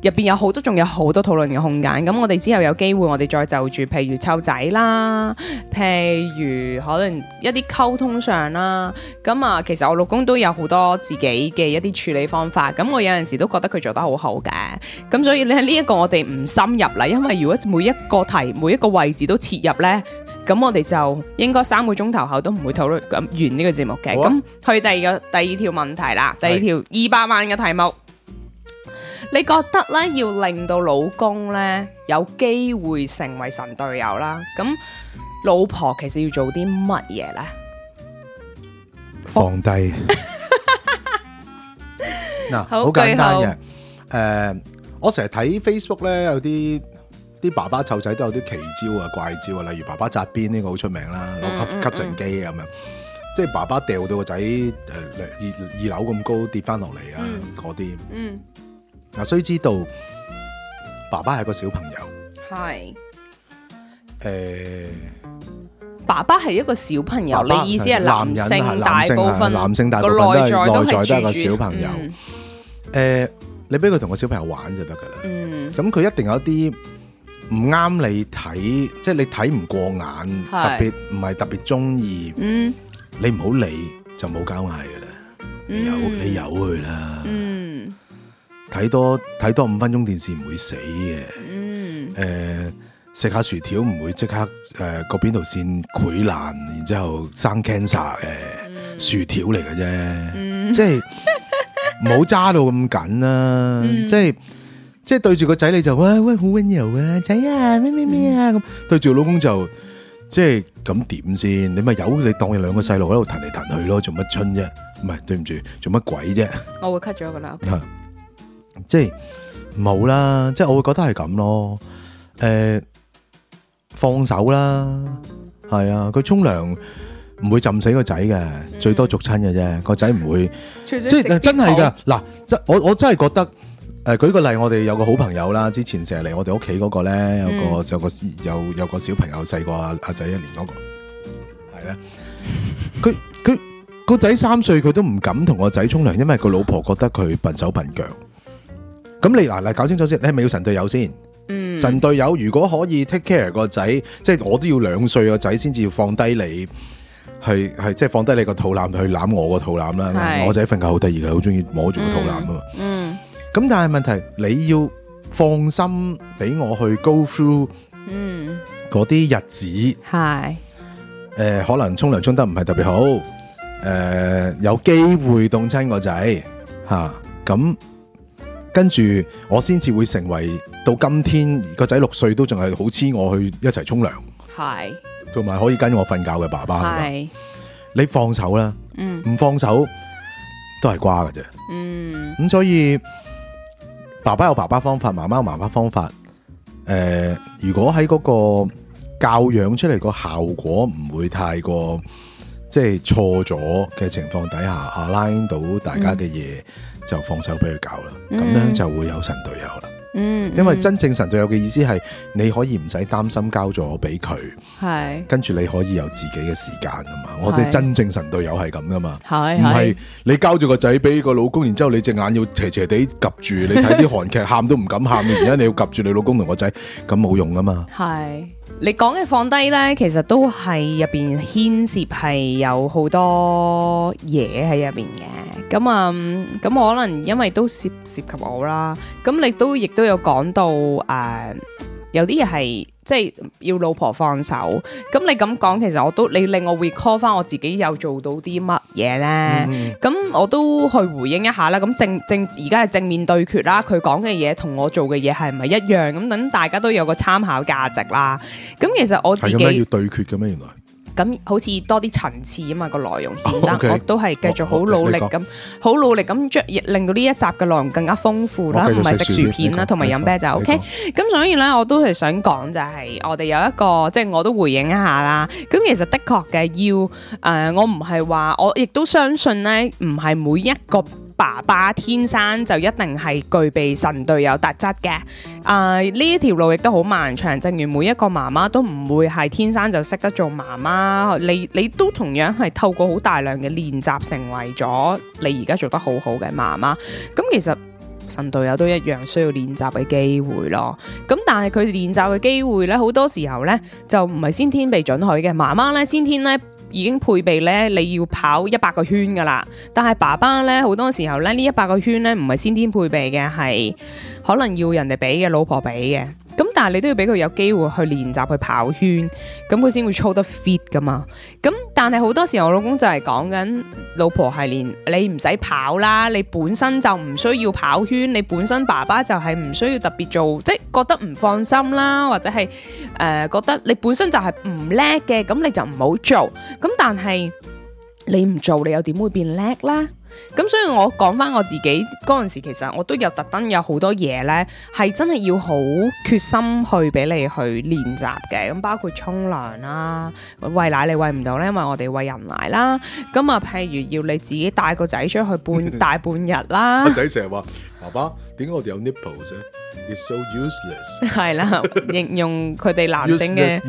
入邊有好多，仲有好多討論嘅空間。咁我哋之後有機會，我哋再就住，譬如湊仔啦，譬如可能一啲溝通上啦。咁啊，其實我老公都有好多自己嘅一啲處理方法。咁我有陣時都覺得佢做得好好嘅。咁所以咧，呢一個我哋唔深入啦，因為如果每一個題每一個位置都切入呢。咁我哋就應該三個鐘頭後都唔會討論咁完呢個節目嘅。咁去第二個第二條問題啦，第二條二百萬嘅題目，你覺得咧，要令到老公咧有機會成為神隊友啦？咁老婆其實要做啲乜嘢呢？放低嗱，好簡單嘅。誒，我成日睇 Facebook 咧有啲。啲爸爸湊仔都有啲奇招啊、怪招啊，例如爸爸紮辮呢個好出名啦，攞吸吸塵機咁樣，即係爸爸掉到個仔誒二二樓咁高跌翻落嚟啊嗰啲。嗯，嗱，須知道爸爸係個小朋友，係誒，爸爸係一個小朋友，你意思係男人？係男性，大部分男性，大部分都係內在都係一個小朋友。誒，你俾佢同個小朋友玩就得噶啦。嗯，咁佢一定有啲。唔啱你睇，即係你睇唔過眼，是特別唔係特別中意，你唔好理就冇交嗌嘅啦。有、嗯、你有去啦，睇多睇多五分鐘電視唔會死嘅。誒、嗯，食、呃、下薯條唔會即刻誒個邊度線潰爛，然之後生 cancer 嘅、嗯、薯條嚟嘅啫，嗯、即係唔好揸到咁緊啦，嗯嗯、即係。即係對住個仔你就喂喂好溫柔啊，仔啊咩咩咩啊咁。對住老公就即係咁點先？你咪由你當你兩個細路喺度彈嚟彈去咯，做乜春啫？唔係，對唔住，做乜鬼啫？我會 cut 咗個啦，即係冇啦，即係我會覺得係咁咯。誒，放手啦，係啊，佢沖涼唔會浸死個仔嘅，最多逐親嘅啫，個仔唔會。即係真係噶嗱，真我我真係覺得。誒，舉個例，我哋有個好朋友啦，之前成日嚟我哋屋企嗰個咧，有個有個有有個小朋友細過阿阿仔一年嗰個，係咧，佢佢個仔三歲，佢都唔敢同個仔沖涼，因為個老婆覺得佢笨手笨腳。咁你嗱嗱，搞清楚先，你係咪要神隊友先？嗯，神隊友如果可以 take care 個仔，即係我都要兩歲個仔先至放低你，係係即係放低你個肚腩去攬我個肚腩啦。的我仔瞓覺好得意嘅，好中意摸住個肚腩啊嘛。嗯嗯咁但係問題，你要放心俾我去 go through 嗯嗰啲日子係誒是、呃，可能沖涼沖得唔係特別好誒、呃，有機會凍親個仔吓咁，跟住我先至會成為到今天個仔六歲都仲係好黐我去一齊沖涼係，同埋是可以跟我瞓覺嘅爸爸係是，你放手啦，嗯，唔放手都係瓜㗎啫，嗯，咁所以。爸爸有爸爸方法，媽媽有媽媽方法。誒、呃，如果喺嗰個教養出嚟個效果唔會太過即係錯咗嘅情況底下，align 到大家嘅嘢，就放手俾佢搞啦。咁、嗯、樣就會有神隊友啦。嗯，因為真正神隊友嘅意思係，你可以唔使擔心，交咗我俾佢，係是跟住，你可以有自己嘅時間啊嘛。是我哋真正神隊友係咁噶嘛，係唔係你交咗個仔俾個老公，然之後你隻眼要斜斜地夾住，你睇啲韓劇喊都唔敢喊，而家你要夾住你老公同個仔，咁冇用啊嘛。係。你講嘅放低呢，其實都係入邊牽涉係有好多嘢喺入邊嘅。咁、嗯、啊，咁、嗯嗯、可能因為都涉涉及我啦，咁你都亦都有講到誒。呃有啲嘢係即係要老婆放手，咁你咁講，其實我都你令我 recall 翻我自己有做到啲乜嘢咧，咁、嗯、我都去回應一下啦。咁正正而家係正面對決啦，佢講嘅嘢同我做嘅嘢係咪一樣？咁等大家都有個參考價值啦。咁其實我自己要對決嘅咩原來？咁好似多啲層次啊嘛、個內容，顯得 Okay, 我都係繼續好努力咁，好努力咁將令到呢一集嘅內容更加豐富啦，唔係食薯片啦，同埋飲啤酒。OK，咁說所以咧，我都係想講就係、是、我哋有一個，即、就、係、是、我都回應一下啦。咁其實的確嘅要誒、呃，我唔係話我亦都相信咧，唔係每一個。爸爸天生就一定係具備神隊友特質嘅，啊、呃、呢一條路亦都好漫長。正如每一個媽媽都唔會係天生就識得做媽媽，你你都同樣係透過好大量嘅練習成為咗你而家做得好好嘅媽媽。咁、嗯、其實神隊友都一樣需要練習嘅機會咯。咁但係佢練習嘅機會呢，好多時候呢就唔係先天被准許嘅。媽媽呢，先天呢。已經配備呢，你要跑一百個圈㗎喇。但係爸爸呢，好多時候呢，呢一百個圈呢，唔係先天配備嘅，係可能要人哋俾嘅，老婆俾嘅。咁但係你都要俾佢有機會去練習去跑圈，咁佢先會操得 fit 噶嘛。咁但係好多時，我老公就係講緊老婆係練你唔使跑啦，你本身就唔需要跑圈，你本身爸爸就係唔需要特別做，即係覺得唔放心啦，或者係誒覺得你本身就係唔叻嘅，咁你就唔好做。咁但係你唔做，你又點會變叻啦？咁所以我講翻我自己嗰陣時，其實我都有特登有好多嘢咧，係真係要好決心去俾你去練習嘅。咁包括沖涼啦，喂奶你喂唔到咧，因為我哋喂人奶啦。咁啊，譬如要你自己帶個仔出去半大 半日啦。個仔成日話：爸爸，點解我哋有 nipple 啫？係啦，形容佢哋男性嘅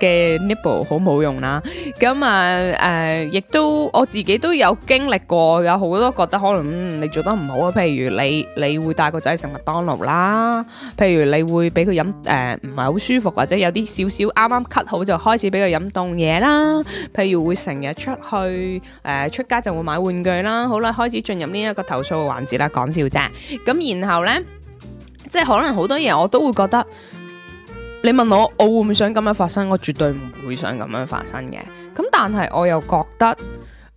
嘅 nipple 好冇用啦。咁啊，誒、呃，亦都我自己都有經歷過，有好多覺得可能、嗯、你做得唔好啊。譬如你你會帶個仔去食麥當勞啦，譬如你會俾佢飲誒唔係好舒服，或者有啲少少啱啱咳好就開始俾佢飲凍嘢啦。譬如會成日出去誒、呃、出街就會買玩具啦。好啦，開始進入呢一個投訴嘅環節啦，講笑啫。咁然後咧。即係可能好多嘢，我都會覺得，你問我我會唔會想咁樣發生，我絕對唔會想咁樣發生嘅。咁但係我又覺得，誒、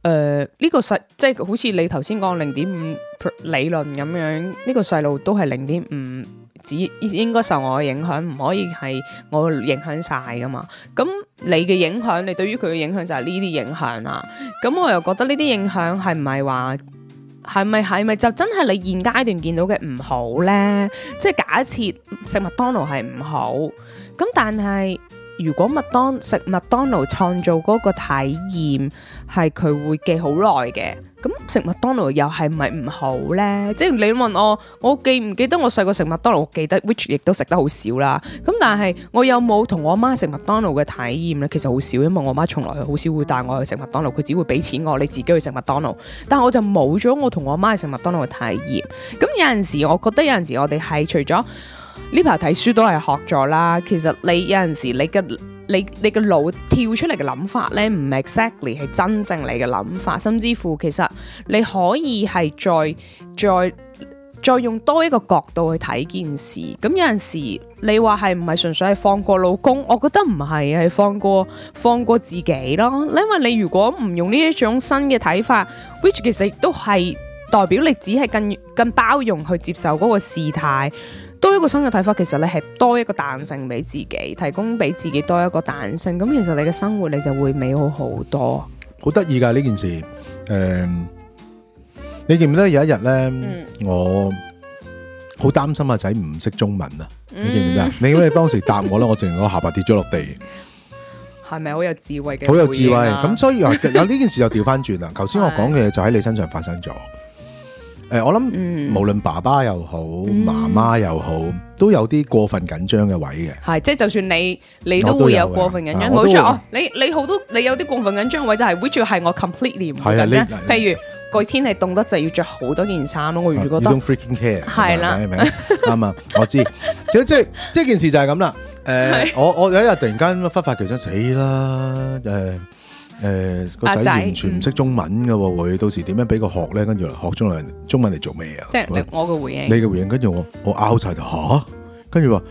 呃、呢、呢個細即係好似你頭先講零點五理論咁樣，呢、呢個細路都係零點五，只應該受我嘅影響，唔可以係我影響晒噶嘛。咁你嘅影響，你對於佢嘅影響就係呢啲影響啦。咁我又覺得呢啲影響係唔係話？係咪，係咪就真係你現階段見到嘅唔好咧？即係假設食麥當勞係唔好，咁但係。如果麥當食麥當勞創造嗰個體驗係佢會記好耐嘅，咁食麥當勞又係咪唔好呢？即係你問我，我記唔記得我細個食麥當勞？我記得，which 亦都食得好少啦。咁但係我有冇同我媽食麥當勞嘅體驗呢？其實好少，因為我媽從來好少會帶我去食麥當勞，佢只會俾錢我，你自己去食麥當勞。但係我就冇咗我同我媽去食麥當勞嘅體驗。咁有陣時，我覺得有陣時我哋係除咗。呢排睇書都係學咗啦，其實你有陣時你嘅你你嘅腦跳出嚟嘅諗法咧，唔 exactly 係真正你嘅諗法，甚至乎其實你可以係再再再用多一個角度去睇件事。咁有陣時你話係唔係純粹係放過老公，我覺得唔係，係放過放過自己咯。因為你如果唔用呢一種新嘅睇法，which 其實都係。代表你只係更更包容去接受嗰個事態，多一個新嘅睇法，其實你係多一個彈性俾自己，提供俾自己多一個彈性，咁其實你嘅生活你就會美好好多。好得意噶呢件事，誒，你記唔記得有一日咧，我好擔心阿仔唔識中文啊？你記唔記得？你因為當時答我啦，我淨我下巴跌咗落地，係咪好有智慧嘅？好有智慧，咁所以啊，嗱呢件事就調翻轉啦。頭先我講嘅嘢就喺你身上發生咗。誒，我諗無論爸爸又好，媽媽又好，都有啲過分緊張嘅位嘅。係，即係就算你，你都會有過分緊張。冇錯，你你好多，你有啲過分緊張嘅位就係，會仲係我 completely 唔同。譬如個天氣凍得就要着好多件衫咯。我如果覺得，係啦，明唔明？啱啊，我知。咁即係，即係件事就係咁啦。誒，我我有一日突然間忽發奇想，死啦！誒。誒，個仔、呃、完全唔識中文嘅喎，會、嗯、到時點樣俾佢學咧？跟住學將來中文嚟做咩啊？即係我嘅回應，你嘅回應。跟住我，我拗晒齊吓，跟住話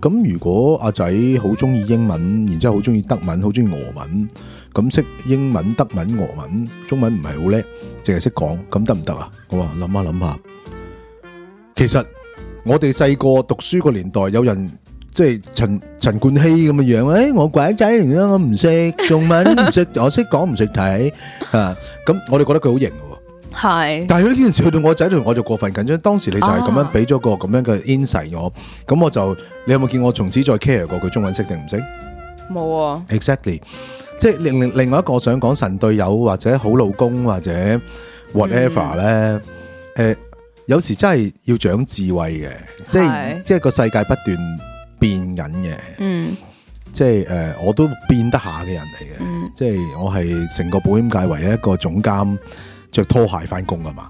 咁。如果阿仔好中意英文，然之後好中意德文，好中意俄文，咁識英文、德文、俄文，中文唔係好叻，淨係識講，咁得唔得啊？我話諗下諗下，其實我哋細個讀書個年代有人。即係陳陳冠希咁嘅樣，誒，我鬼仔嚟啦，我唔識中文，唔識，我識講唔識睇。吓咁，我哋覺得佢好型，係，但係呢件事去到我仔度，我就過分緊張。當時你就係咁樣俾咗個咁樣嘅 inspire 我，咁我就，你有冇見我從此再 care 過佢中文識定唔識？冇啊。Exactly，即係另另另外一個我想講神隊友或者好老公或者 whatever 咧，誒，有時真係要長智慧嘅，即係即係個世界不斷。變緊嘅，嗯、即係誒、呃，我都變得下嘅人嚟嘅，嗯、即係我係成個保險界唯一一個總監着拖鞋翻工噶嘛，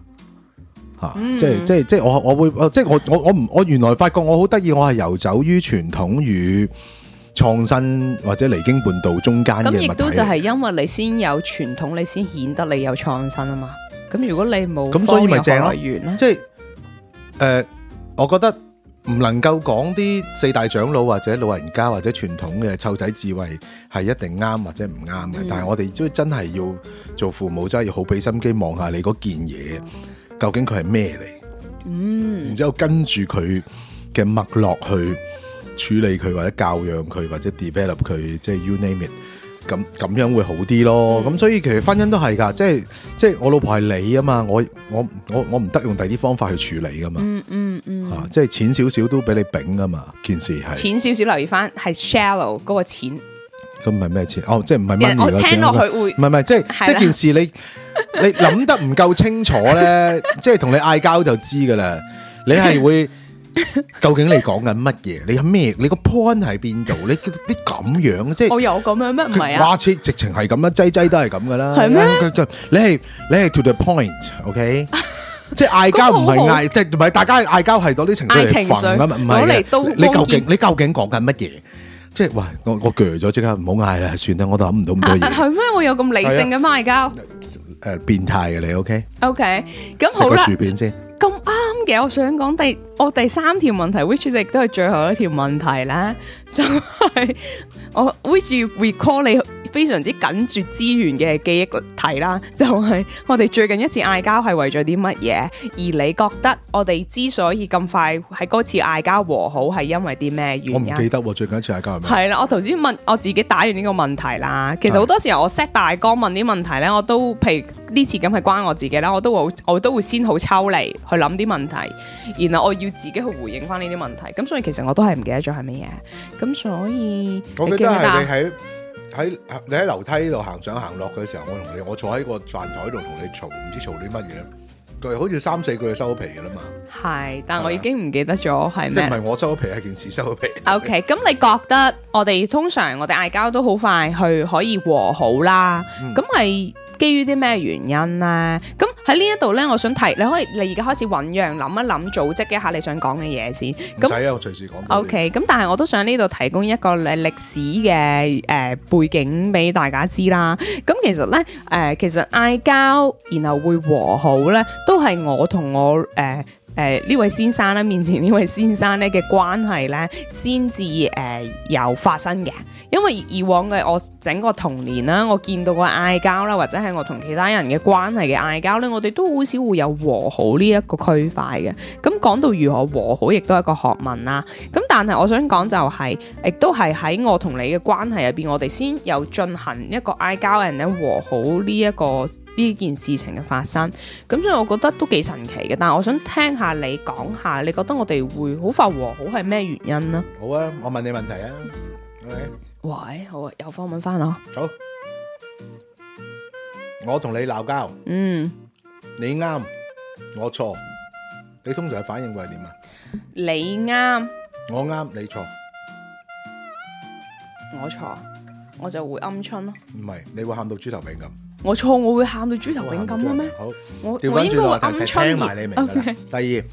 吓、啊嗯，即係即係即係我我會，即係我我我唔，我原來發覺我好得意，我係遊走於傳統與創新或者離經叛道中間嘅物體、嗯嗯、來都就係因為你先有傳統，你先顯得你有創新啊嘛，咁如果你冇，咁、嗯、所以咪正咯，即係誒、呃，我覺得。唔能夠講啲四大長老或者老人家或者傳統嘅湊仔智慧係一定啱或者唔啱嘅，嗯、但係我哋都真係要做父母，真係要好俾心機望下你嗰件嘢究竟佢係咩嚟，嗯，然之後跟住佢嘅脈絡去處理佢或者教養佢或者 develop 佢，即係 you name it 咁咁樣會好啲咯，咁、嗯、所以其實婚姻都係噶，即係即係我老婆係你啊嘛，我我我我唔得用第二啲方法去處理噶嘛，嗯嗯嗯，嗯啊、即係淺少少都俾你丙啊嘛，件事係，淺少少留意翻係 shallow 嗰個錢，咁唔係咩錢？哦，即係唔係 money 嗰啲啊？我聽落去會，唔係唔係，即係了即係件事你你諗得唔夠清楚咧，即係同你嗌交就知噶啦，你係會。 究竟你講緊乜嘢？你係咩？你個 point 係邊度？你啲咁樣即係我有咁樣咩唔係啊？哇！切，直情係咁啦，擠擠都係咁噶啦。係咩？你係你係 to the point，OK？即係嗌交唔係嗌，即係唔係大家嗌交係到啲情緒嚟焚啊嘛？唔係嚟到你究竟你究竟講緊乜嘢？即係喂，我我攰咗，即刻唔好嗌啦，算啦，我就諗唔到咁多嘢。係咩？我有咁理性嘅嗌交？誒，變態嘅你 OK？OK？咁好啦，食個薯片先。咁啱嘅，我想講第我第三條問題，which 亦都係最後一條問題啦，就係、是、我 which you recall you? 非常之緊住資源嘅記憶個題啦，就係、是、我哋最近一次嗌交係為咗啲乜嘢？而你覺得我哋之所以咁快喺嗰次嗌交和好係因為啲咩原因？我唔記得最近一次嗌交係咩？係啦，我頭先問我自己打完呢個問題啦。其實好多時候我 set 大綱問啲問題咧，我都譬如呢次咁係關我自己啦，我都會我都會先好抽離去諗啲問題，然後我要自己去回應返呢啲問題。咁所以其實我都係唔記，記得咗係乜嘢。咁所以我記得係你喺。喺你喺樓梯度行上行落嘅時候，我同你我坐喺個飯台度同你嘈，唔知嘈啲乜嘢，佢好似三四句就收皮噶啦嘛。係，但我已經唔記得咗係咩。即係唔係我收皮，係件事收皮。OK，咁你覺得我哋通常我哋嗌交都好快去可以和好啦。咁係。基於啲咩原因呢？咁喺呢一度呢，我想提，你可以你而家開始醞釀，諗一諗，組織一下你想講嘅嘢先講。唔使啊，我隨時講。OK，咁但係我都想呢度提供一個誒歷史嘅誒、呃、背景俾大家知啦。咁其實呢，誒、呃，其實嗌交然後會和好呢，都係我同我誒。呃誒呢、呃、位先生啦，面前呢位先生咧嘅關係咧，先至誒有發生嘅。因為以往嘅我整個童年啦，我見到個嗌交啦，或者係我同其他人嘅關係嘅嗌交咧，我哋都好少會有和好呢一個區塊嘅。咁、嗯、講到如何和好，亦都係一個學問啦。咁、嗯、但係我想講就係、是，亦都係喺我同你嘅關係入邊，我哋先有進行一個嗌交，然後和好呢、這、一個。呢件事情嘅發生，咁所以我覺得都幾神奇嘅。但係我想聽下你講下，你覺得我哋會好快和好係咩原因呢？好啊，我問你問題啊，喂，喂，好啊，有方問翻咯，好，我同你鬧交，嗯，你啱，我錯，你通常嘅反應會係點啊？你啱，我啱，你錯，我錯，我就會鵪鶉咯，唔係，你會喊到豬頭餅咁。我錯，我會喊到豬頭炳咁嘅咩？我我應該會聽埋你明。第二，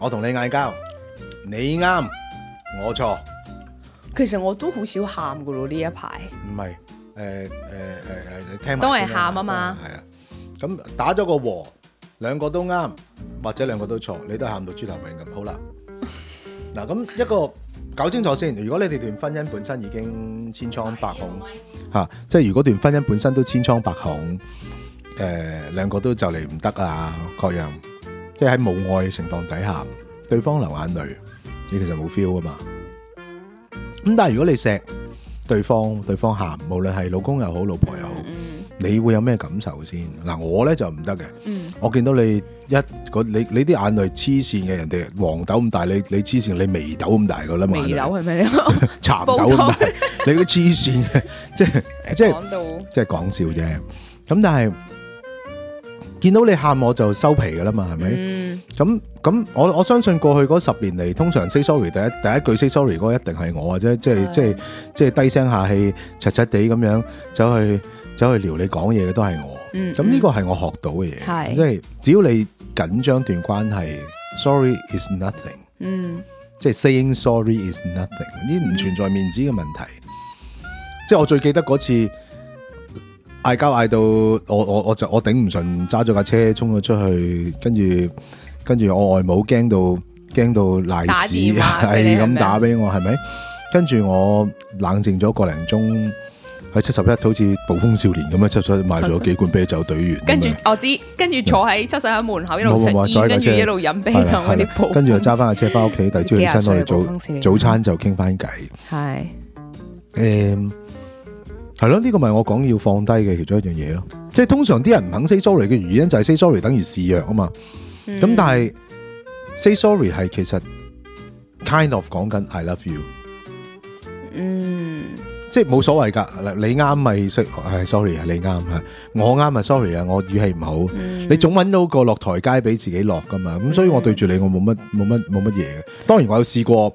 我同你嗌交，你啱，我錯。其實我都好少喊噶咯呢一排。唔係，誒誒誒誒，你聽埋先都係喊啊嘛。係啊，咁打咗個和，兩個都啱，或者兩個都錯，你都喊到豬頭炳咁。好啦，嗱咁一個。搞清楚先，如果你哋段婚姻本身已經千瘡百孔，吓、 啊，即係如果段婚姻本身都千瘡百孔，誒、呃，兩個都就嚟唔得啊，各樣，即係喺冇愛嘅情況底下， 對方流眼淚，你其實冇 feel 啊嘛。咁但係如果你錫對方，對方喊，無論係老公又好，老婆又好。你會有咩感受先？嗱，我咧就唔得嘅。我、嗯、見到你一嗰你你啲眼淚黐線嘅，人哋黃豆咁大，你你黐線，你眉豆咁大噶啦嘛。眉豆係咪啊？蠶豆咁大，你個黐線嘅，即係即係即係講笑啫。咁但係見到你喊我就收皮噶啦嘛，係咪？咁咁、嗯、我我相信過去嗰十年嚟，通常 say sorry 第一第一句 say sorry 嗰個一定係我啊，即係、 就是、即係即係即係低聲下氣、柒柒地咁樣走去。走去撩你講嘢嘅都係我，咁呢個係我學到嘅嘢，是即係只要你緊張段關係，sorry is nothing、嗯、即係 saying sorry is nothing，呢啲唔存在面子嘅問題。嗯、即係我最記得嗰次嗌交嗌到我我我，我就我頂唔順，揸咗架車衝咗出去，跟住跟住我外母驚到驚到賴屎係咁打俾 我，係咪白？跟住我冷靜咗個零鐘。喺七十一，好似暴風少年咁樣，七十一買咗幾罐啤酒兌完，跟住我知，跟住坐喺七十一門口一路食煙，跟住一路飲啤酒，跟住就揸翻架車翻屋企，第二朝起身我哋早早餐就傾翻偈。係，誒，係咯，呢個咪我講要放低嘅其中一樣嘢咯。即係通常啲人唔肯 say sorry 嘅原因就係 say sorry 等於示弱啊嘛。咁但係 say sorry 係其實 kind of 講緊 I love you。嗯。即係冇所謂噶，嗱，你啱咪識唉，sorry 啊，你啱啊，我啱啊，sorry 啊，我語氣唔好。你總揾到個落台階俾自己落噶嘛？咁所以我對住你我冇乜冇乜冇乜嘢嘅。當然我有試過，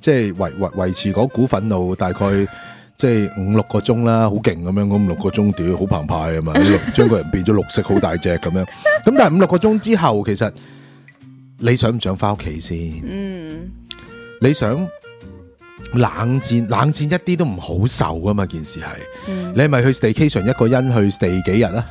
即係維維維持嗰股憤怒大概即係五六個鐘啦，好勁咁樣，五六個鐘屌好澎湃啊嘛，將個人變咗綠色好大隻咁樣。咁但係五六個鐘之後，其實你想唔想翻屋企先？嗯，你想？冷戰冷戰，一啲都唔好受噶嘛，件事係，你係咪去 staycation 一個人去 stay 幾日啊？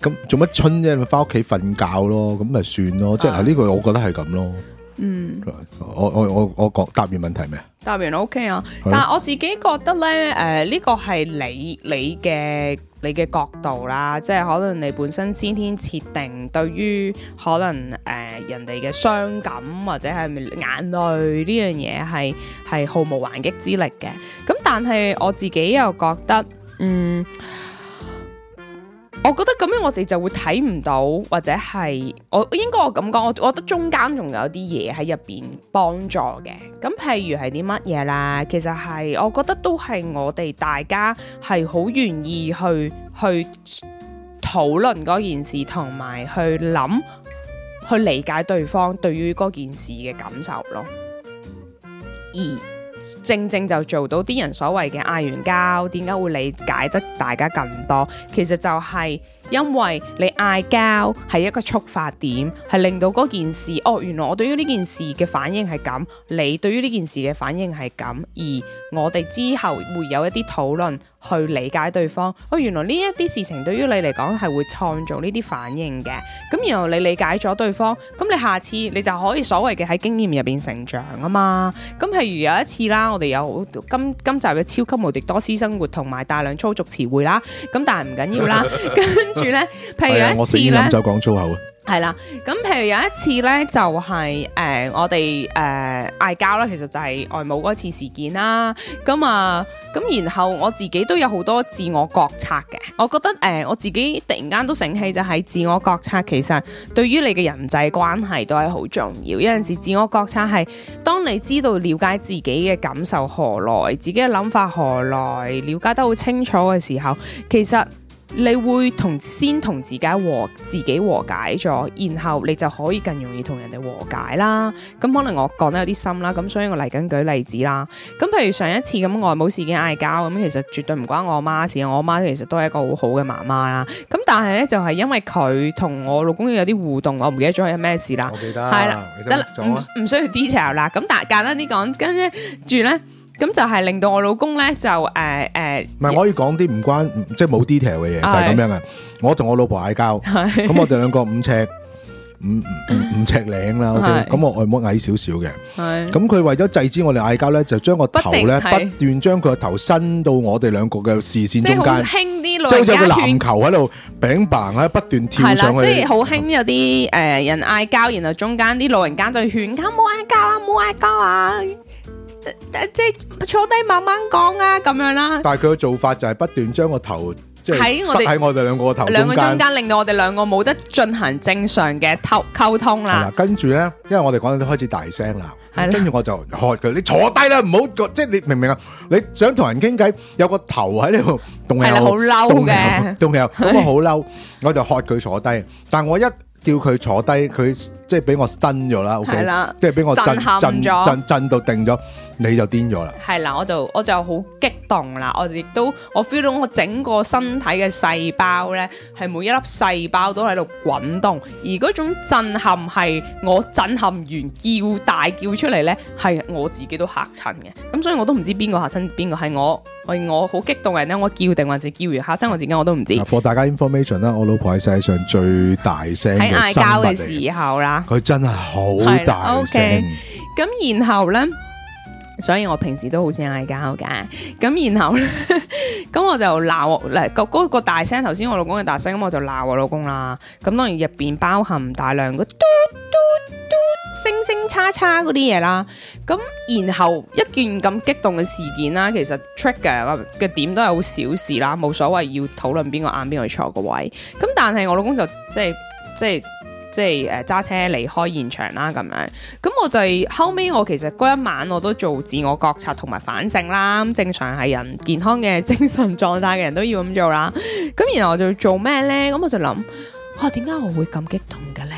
咁做乜春啫？咪翻屋企瞓覺咯，咁咪算咯，嗯、即係嗱呢個我覺得係咁咯。嗯，我我我我講答完問題咩？答完 OK 啊，但係我自己覺得咧，誒、呃、呢、這個係你你嘅，你嘅角度啦，即係可能你本身先天設定對於可能誒、呃、人哋嘅傷感或者係眼淚呢樣嘢係係毫無還擊之力嘅，咁但係我自己又覺得嗯。我覺得咁樣我哋就會睇唔到，或者係我，應該我應該我咁講，我我覺得中間仲有啲嘢喺入邊幫助嘅。咁譬如係啲乜嘢啦？其實係，我覺得都係我哋大家係好願意去去討論嗰件事，同埋去諗去理解對方對於嗰件事嘅感受咯。二。正正就做到啲人所謂嘅嗌完交，點解會理解得大家更多？其實就係、是。因為你嗌交係一個觸發點，係令到嗰件事，哦，原來我對於呢件事嘅反應係咁，你對於呢件事嘅反應係咁，而我哋之後會有一啲討論去理解對方。哦，原來呢一啲事情對於你嚟講係會創造呢啲反應嘅。咁然後你理解咗對方，咁你下次你就可以所謂嘅喺經驗入邊成長啊嘛。咁譬如有一次啦，我哋有今今集嘅超級無敵多私生活同埋大量粗俗詞彙啦。咁但係唔緊要啦，跟。 譬住咧，譬 如有一次咧，係啦。 咁譬如有一次呢，就係、是、誒、呃，我哋誒嗌交啦。其實就係外母嗰次事件啦。咁啊，咁然後我自己都有好多自我覺察嘅。我覺得誒、呃，我自己突然間都醒起，就係自我覺察，其實對於你嘅人際關係都係好重要。有陣時自我覺察係當你知道了解自己嘅感受何來，自己嘅諗法何來，了解得好清楚嘅時候，其實。你會同先同自己和自己和，自己和解咗，然後你就可以更容易同人哋和解啦。咁、嗯、可能我講得有啲深啦，咁、嗯、所以我嚟緊舉例子啦。咁、嗯、譬如上一次咁外母事件嗌交，咁、嗯、其實絕對唔關我媽事，我媽其實都係一個好好嘅媽媽啦。咁、嗯、但係呢，就係、係、因為佢同我老公有啲互動，我唔記，記得咗係咩事啦。記係啦，唔需要 detail 啦。咁但係簡單啲講，跟住呢。 咁就係令到我老公咧就誒誒，唔、呃、係可以講啲唔關，即係冇 detail 嘅嘢，就係咁樣嘅。我同我老婆嗌交，咁是我哋兩個五尺五五五尺零啦。咁、okay? 是我外母矮少少嘅，咁佢是為咗制止我哋嗌交咧，就將個頭咧不斷將佢個頭伸到我哋兩個嘅視線中間，即係好似有個籃球喺度餅棒喺不斷跳上去，即係好興有啲誒人嗌交，然後中間啲老人家就勸佢冇嗌交啊，冇嗌交啊。誒，即係坐低慢慢講啊，咁樣啦。但係佢嘅做法就係不斷將個頭，即係塞喺我哋兩個嘅頭中間，令到我哋兩個冇得進行正常嘅溝溝通啦。嗱，跟住咧，因爲我哋講到開始大聲啦，跟住我就喝佢，你坐低啦，唔好即係你明唔明啊？你想同人傾偈，有個頭喺呢度，仲有好嬲嘅，仲有咁我好嬲，我就喝佢坐低。但係我一。叫佢坐低，佢即係俾我瞪咗啦，OK 即係俾我震震震震震震震到定咗，你就癲咗啦。係啦，我就我就好激動啦，我亦都我 feel 到我整個身體嘅細胞咧，係每一粒細胞都喺度滾動，而嗰種震撼係我震撼完叫大叫出嚟咧，係我自己都嚇親嘅。咁所以我都唔知邊個嚇親邊個，係我係我好激動嘅人咧，我叫定或者叫完嚇親我自己我都唔知。Uh, for 大家 information 啦，我老婆喺世界上最大聲。嗌交嘅時候啦，佢真係好大聲 O K，咁然後咧，所以我平時都好少嗌交嘅。咁然後咧，咁我就鬧我嗱嗰嗰個大聲，頭先我老公嘅大聲，咁我就鬧我老公啦。咁當然入邊包含大量嗰嘟嘟嘟聲聲叉叉嗰啲嘢啦。咁然後一件咁激動嘅事件啦，其實 trigger 嘅點都係好小事啦，冇所謂要討論邊個啱邊個錯個位。咁但係我老公就即係。即係即係誒，揸、呃、車離開現場啦，咁樣。咁我就後尾，我其實嗰一晚我都做自我覺察同埋反省啦。正常係人健康嘅精神狀態嘅人都要咁做啦。咁然後我就做咩呢？咁我就諗，哇點解我會咁激動嘅呢？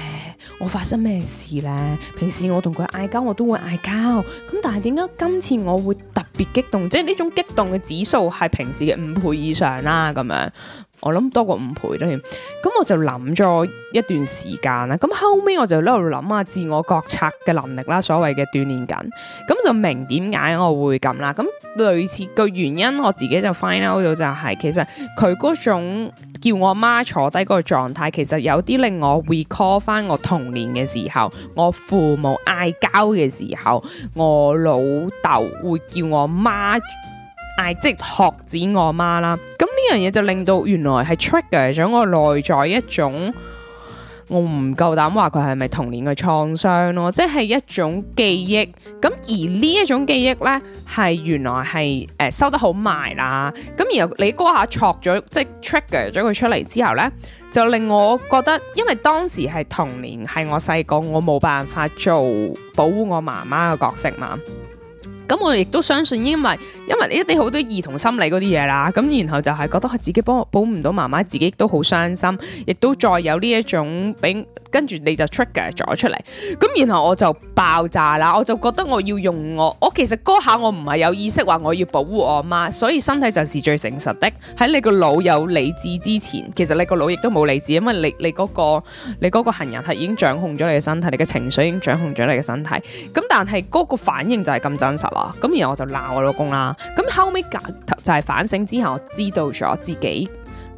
我發生咩事呢？平時我同佢嗌交，我都會嗌交。咁但係點解今次我會特別激動？即係呢種激動嘅指數係平時嘅五倍以上啦，咁樣。我諗多過五倍啦，咁我就諗咗一段時間啦，咁後尾我就喺度諗下自我覺察嘅能力啦，所謂嘅鍛煉緊，咁就明點解我會咁啦，咁類似嘅原因，我自己就 find out 到就係，其實佢嗰種叫我媽坐低嗰個狀態，其實有啲令我 recall 翻我童年嘅時候，我父母嗌交嘅時候，我老豆會叫我媽。即學子我媽啦，咁呢樣嘢，就令到原來係 trigger 咗我內在一種我唔夠膽話佢係咪童年嘅創傷咯，即係一種記憶。咁而呢一種記憶呢，係原來係誒、呃、收得好埋啦。咁然後你嗰下挫咗，即係 trigger 咗佢出嚟之後呢，就令我覺得，因為當時係童年，係我細個，我冇辦法做保護我媽媽嘅角色嘛。咁我亦都相信因，因為因為你一定好多兒童心理嗰啲嘢啦，咁然後就係覺得自己幫補唔到媽媽，自己都好傷心，亦都再有呢一種跟住你就 trigger 咗出嚟，咁然後我就爆炸啦。我就覺得我要用我，我其實嗰下我唔係有意識話我要保護我阿媽，所以身體就是最誠實的。喺你個腦有理智之前，其實你個腦亦都冇理智，因為你你嗰個你嗰個行人係已經掌控咗你嘅身體，你嘅情緒已經掌控咗你嘅身體。咁但係嗰個反應就係咁真實啦。咁然後我就鬧我老公啦。咁後尾就係、是、反省之後，我知道咗自己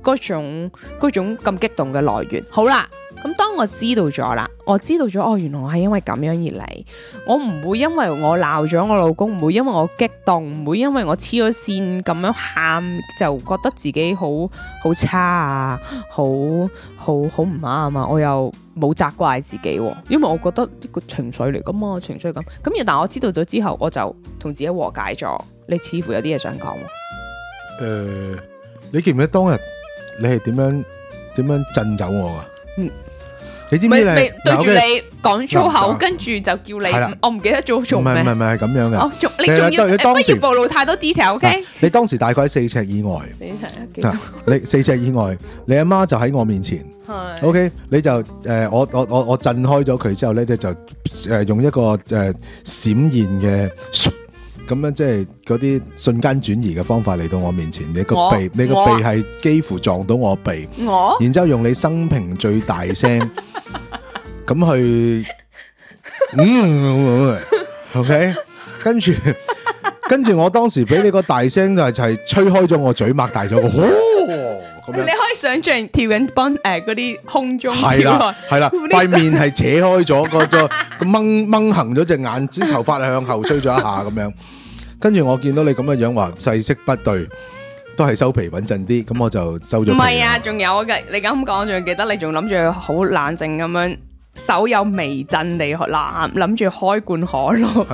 嗰種嗰種咁激動嘅來源。好啦。咁當我知道咗啦，我知道咗，哦，原來我係因為咁樣而嚟。我唔會因為我鬧咗我老公，唔會因為我激動，唔會因為我黐咗線咁樣喊，就覺得自己好好差啊，好好好唔啱啊。我又冇責怪自己，啊，因為我覺得呢個情緒嚟噶嘛，情緒咁咁。但我知道咗之後，我就同自己和解咗。你似乎有啲嘢想講。啊，誒、呃，你記唔記得當日你係點樣點樣震走我啊？嗯。你知唔知？你對住你講粗口，跟住就叫你，我唔記得做錯咩？唔係唔係唔係係咁樣嘅。你仲要不要暴露太多 detail？O K，你當時大概四尺以外，四尺啊，你四尺以外，你阿媽就喺我面前。O K，你就誒，我我我我震開咗佢之後咧，咧就誒用一個誒閃現嘅。咁樣即係嗰啲瞬間轉移嘅方法嚟到我面前，你個鼻，我你個鼻係幾乎撞到我鼻，我然之後用你生平最大聲，咁 去，嗯，OK，跟住。跟住我當時俾你個大聲就係就係吹開咗我嘴擘大咗個，哦咁樣。你可以想象跳緊幫誒嗰啲空中係啦係啦，塊面係扯開咗個個個掹掹行咗隻眼，只頭髮向後吹咗一下咁樣。跟住我見到你咁嘅樣話細色不對，都係收皮穩陣啲。咁我就收咗。唔係啊，仲有嘅。你咁講，仲記得你仲諗住好冷靜咁樣。手有微震，你諗諗住開罐可樂，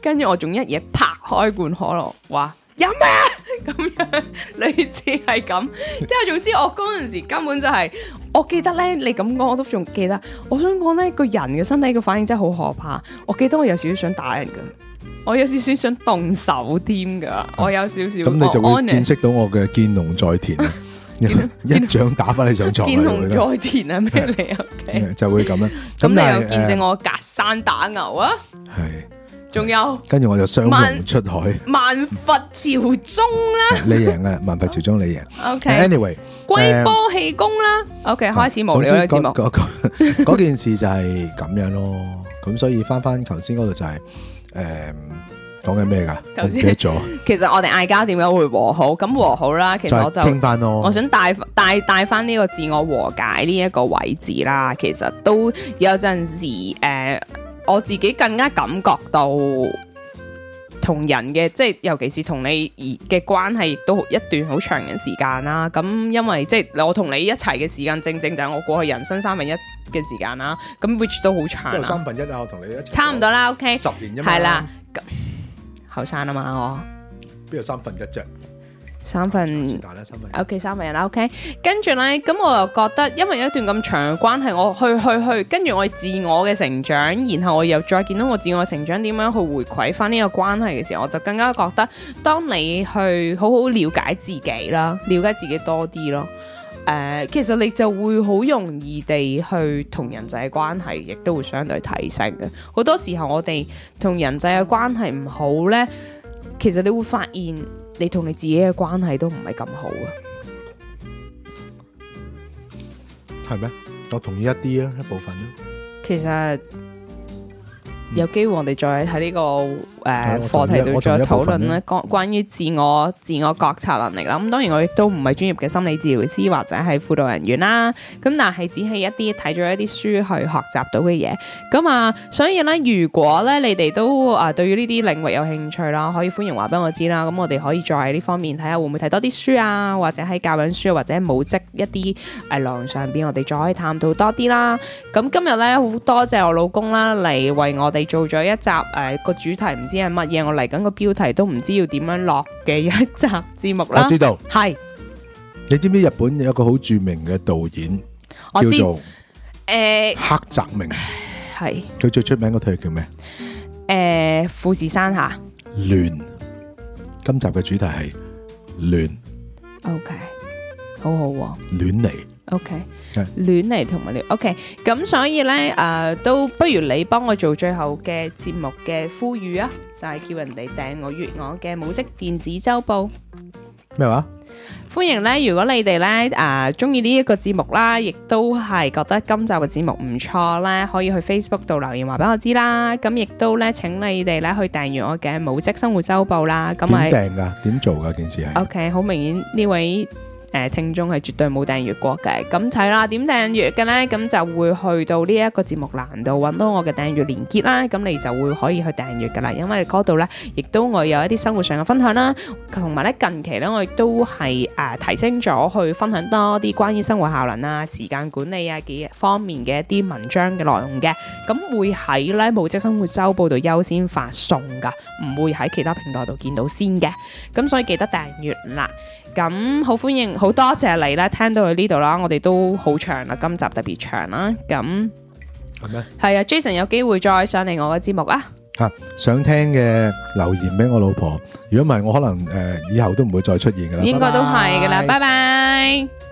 跟住嗎 我仲一嘢拍開罐可樂，話飲咩？咁、啊、樣你只係咁，即係總之我嗰陣時根本就係、是，我記得咧，你咁講我都仲記得。我想講咧，個人嘅身體嘅反應真係好可怕。我記得我有少少想打人噶，我有少少想動手添噶，我有少少。咁、嗯哦、你就會見識到我嘅“見龍在田” 一掌打翻你上床，見龍在田啊！咩嚟啊？就會咁樣。咁你又見證我隔山打牛啊？係。仲有。跟住我就雙龍出海，萬佛朝宗啦。你贏啊！萬佛朝宗你贏。OK，Anyway，龜波氣功啦。OK，開始無聊嘅節目。嗰件事就係咁樣咯。咁所以翻翻頭先嗰度就係誒。講緊咩噶？唔才記得咗。其實我哋嗌交點解會和好？咁和好啦。其實我就聽翻咯。我想帶帶帶翻呢個自我和解呢一個位置啦。其實都有陣時，誒、呃，我自己更加感覺到同人嘅，即係尤其是同你嘅關係，亦都一段好長嘅時間啦。咁因為即係我同你一齊嘅時間，正正就係我過去人生三分一嘅時間啦。咁 which 都好長。三分一啊，我同你一齊差唔多啦。OK，十年啫嘛的。係啦。後生啊嘛，我邊有三分一啫，三分，OK，三分一啦，OK，跟住呢，咁我又覺得，因為一段咁長嘅關係，我去去去，跟住我自我嘅成長，然後我又再見到我自我成長點樣去回饋翻呢個關係嘅時候，我就更加覺得，當你去好好了解自己啦，了解自己多啲咯。誒，uh, 其實你就會好容易地去同人際關係，亦都會相對提升嘅。好多時候，我哋同人際嘅關係唔好呢，其實你會發現你同你自己嘅關係都唔係咁好嘅。係咩？我同意一啲啦，一部分啦。其實。有機會我哋再喺呢個誒課題度再討論咧，關關於自我、嗯、自我覺察能力啦。咁當然我亦都唔係專業嘅心理治療師或者係輔導人員啦。咁但係只係一啲睇咗一啲書去學習到嘅嘢。咁啊，所以咧，如果咧你哋都啊對於呢啲領域有興趣啦，可以歡迎話俾我知啦。咁我哋可以再喺呢方面睇下會唔會睇多啲書啊，或者喺教養書或者母職一啲誒內容上邊，我哋再可以探討多啲啦。咁今日咧好多謝我老公啦，嚟為我。嚟做咗一集誒，個主題唔知係乜嘢，我嚟緊個標題都唔知要點樣落嘅一集節目啦。我知道，係你知唔知日本有一個好著名嘅導演叫做誒黑澤明？係佢最出名嗰套叫咩？誒富士山下亂。今集嘅主題係亂。OK，好好喎，亂嚟。O K，亂嚟同埋亂。O K，咁所以咧，誒，都不如你幫我做最後嘅節目嘅呼籲啊，就係叫人哋訂我閱我嘅母職電子周報。咩話？歡迎咧，如果你哋咧，誒，中意呢一個節目啦，亦都係覺得今集嘅節目唔錯啦，可以去 Facebook 度留言話俾我知啦。咁亦都咧，請你哋咧去訂閱我嘅母職生活周報啦。咁點訂噶？點做噶？件事係 O K，好明顯呢位。誒、呃，聽眾係絕對冇訂閱過嘅，咁睇啦，點訂閱嘅呢？咁就會去到呢一個節目欄度，搵到我嘅訂閱連結啦，咁你就會可以去訂閱噶啦，因為嗰度呢，亦都我有一啲生活上嘅分享啦，同埋呢，近期呢，我亦都係誒提升咗去分享多啲關於生活效能啊、時間管理啊幾方面嘅一啲文章嘅內容嘅，咁會喺呢《母職生活》週報度優先發送噶，唔會喺其他平台度見到先嘅，咁所以記得訂閱啦。咁好歡迎，好多謝你啦，聽到嚟呢度啦，我哋都好長啦，今集特別長啦，咁係咩？係啊，Jason 有機會再上嚟我個節目啊！吓，想聽嘅留言俾我老婆，如果唔係，我可能誒以後都唔會再出現噶啦，應該都係噶啦，拜拜。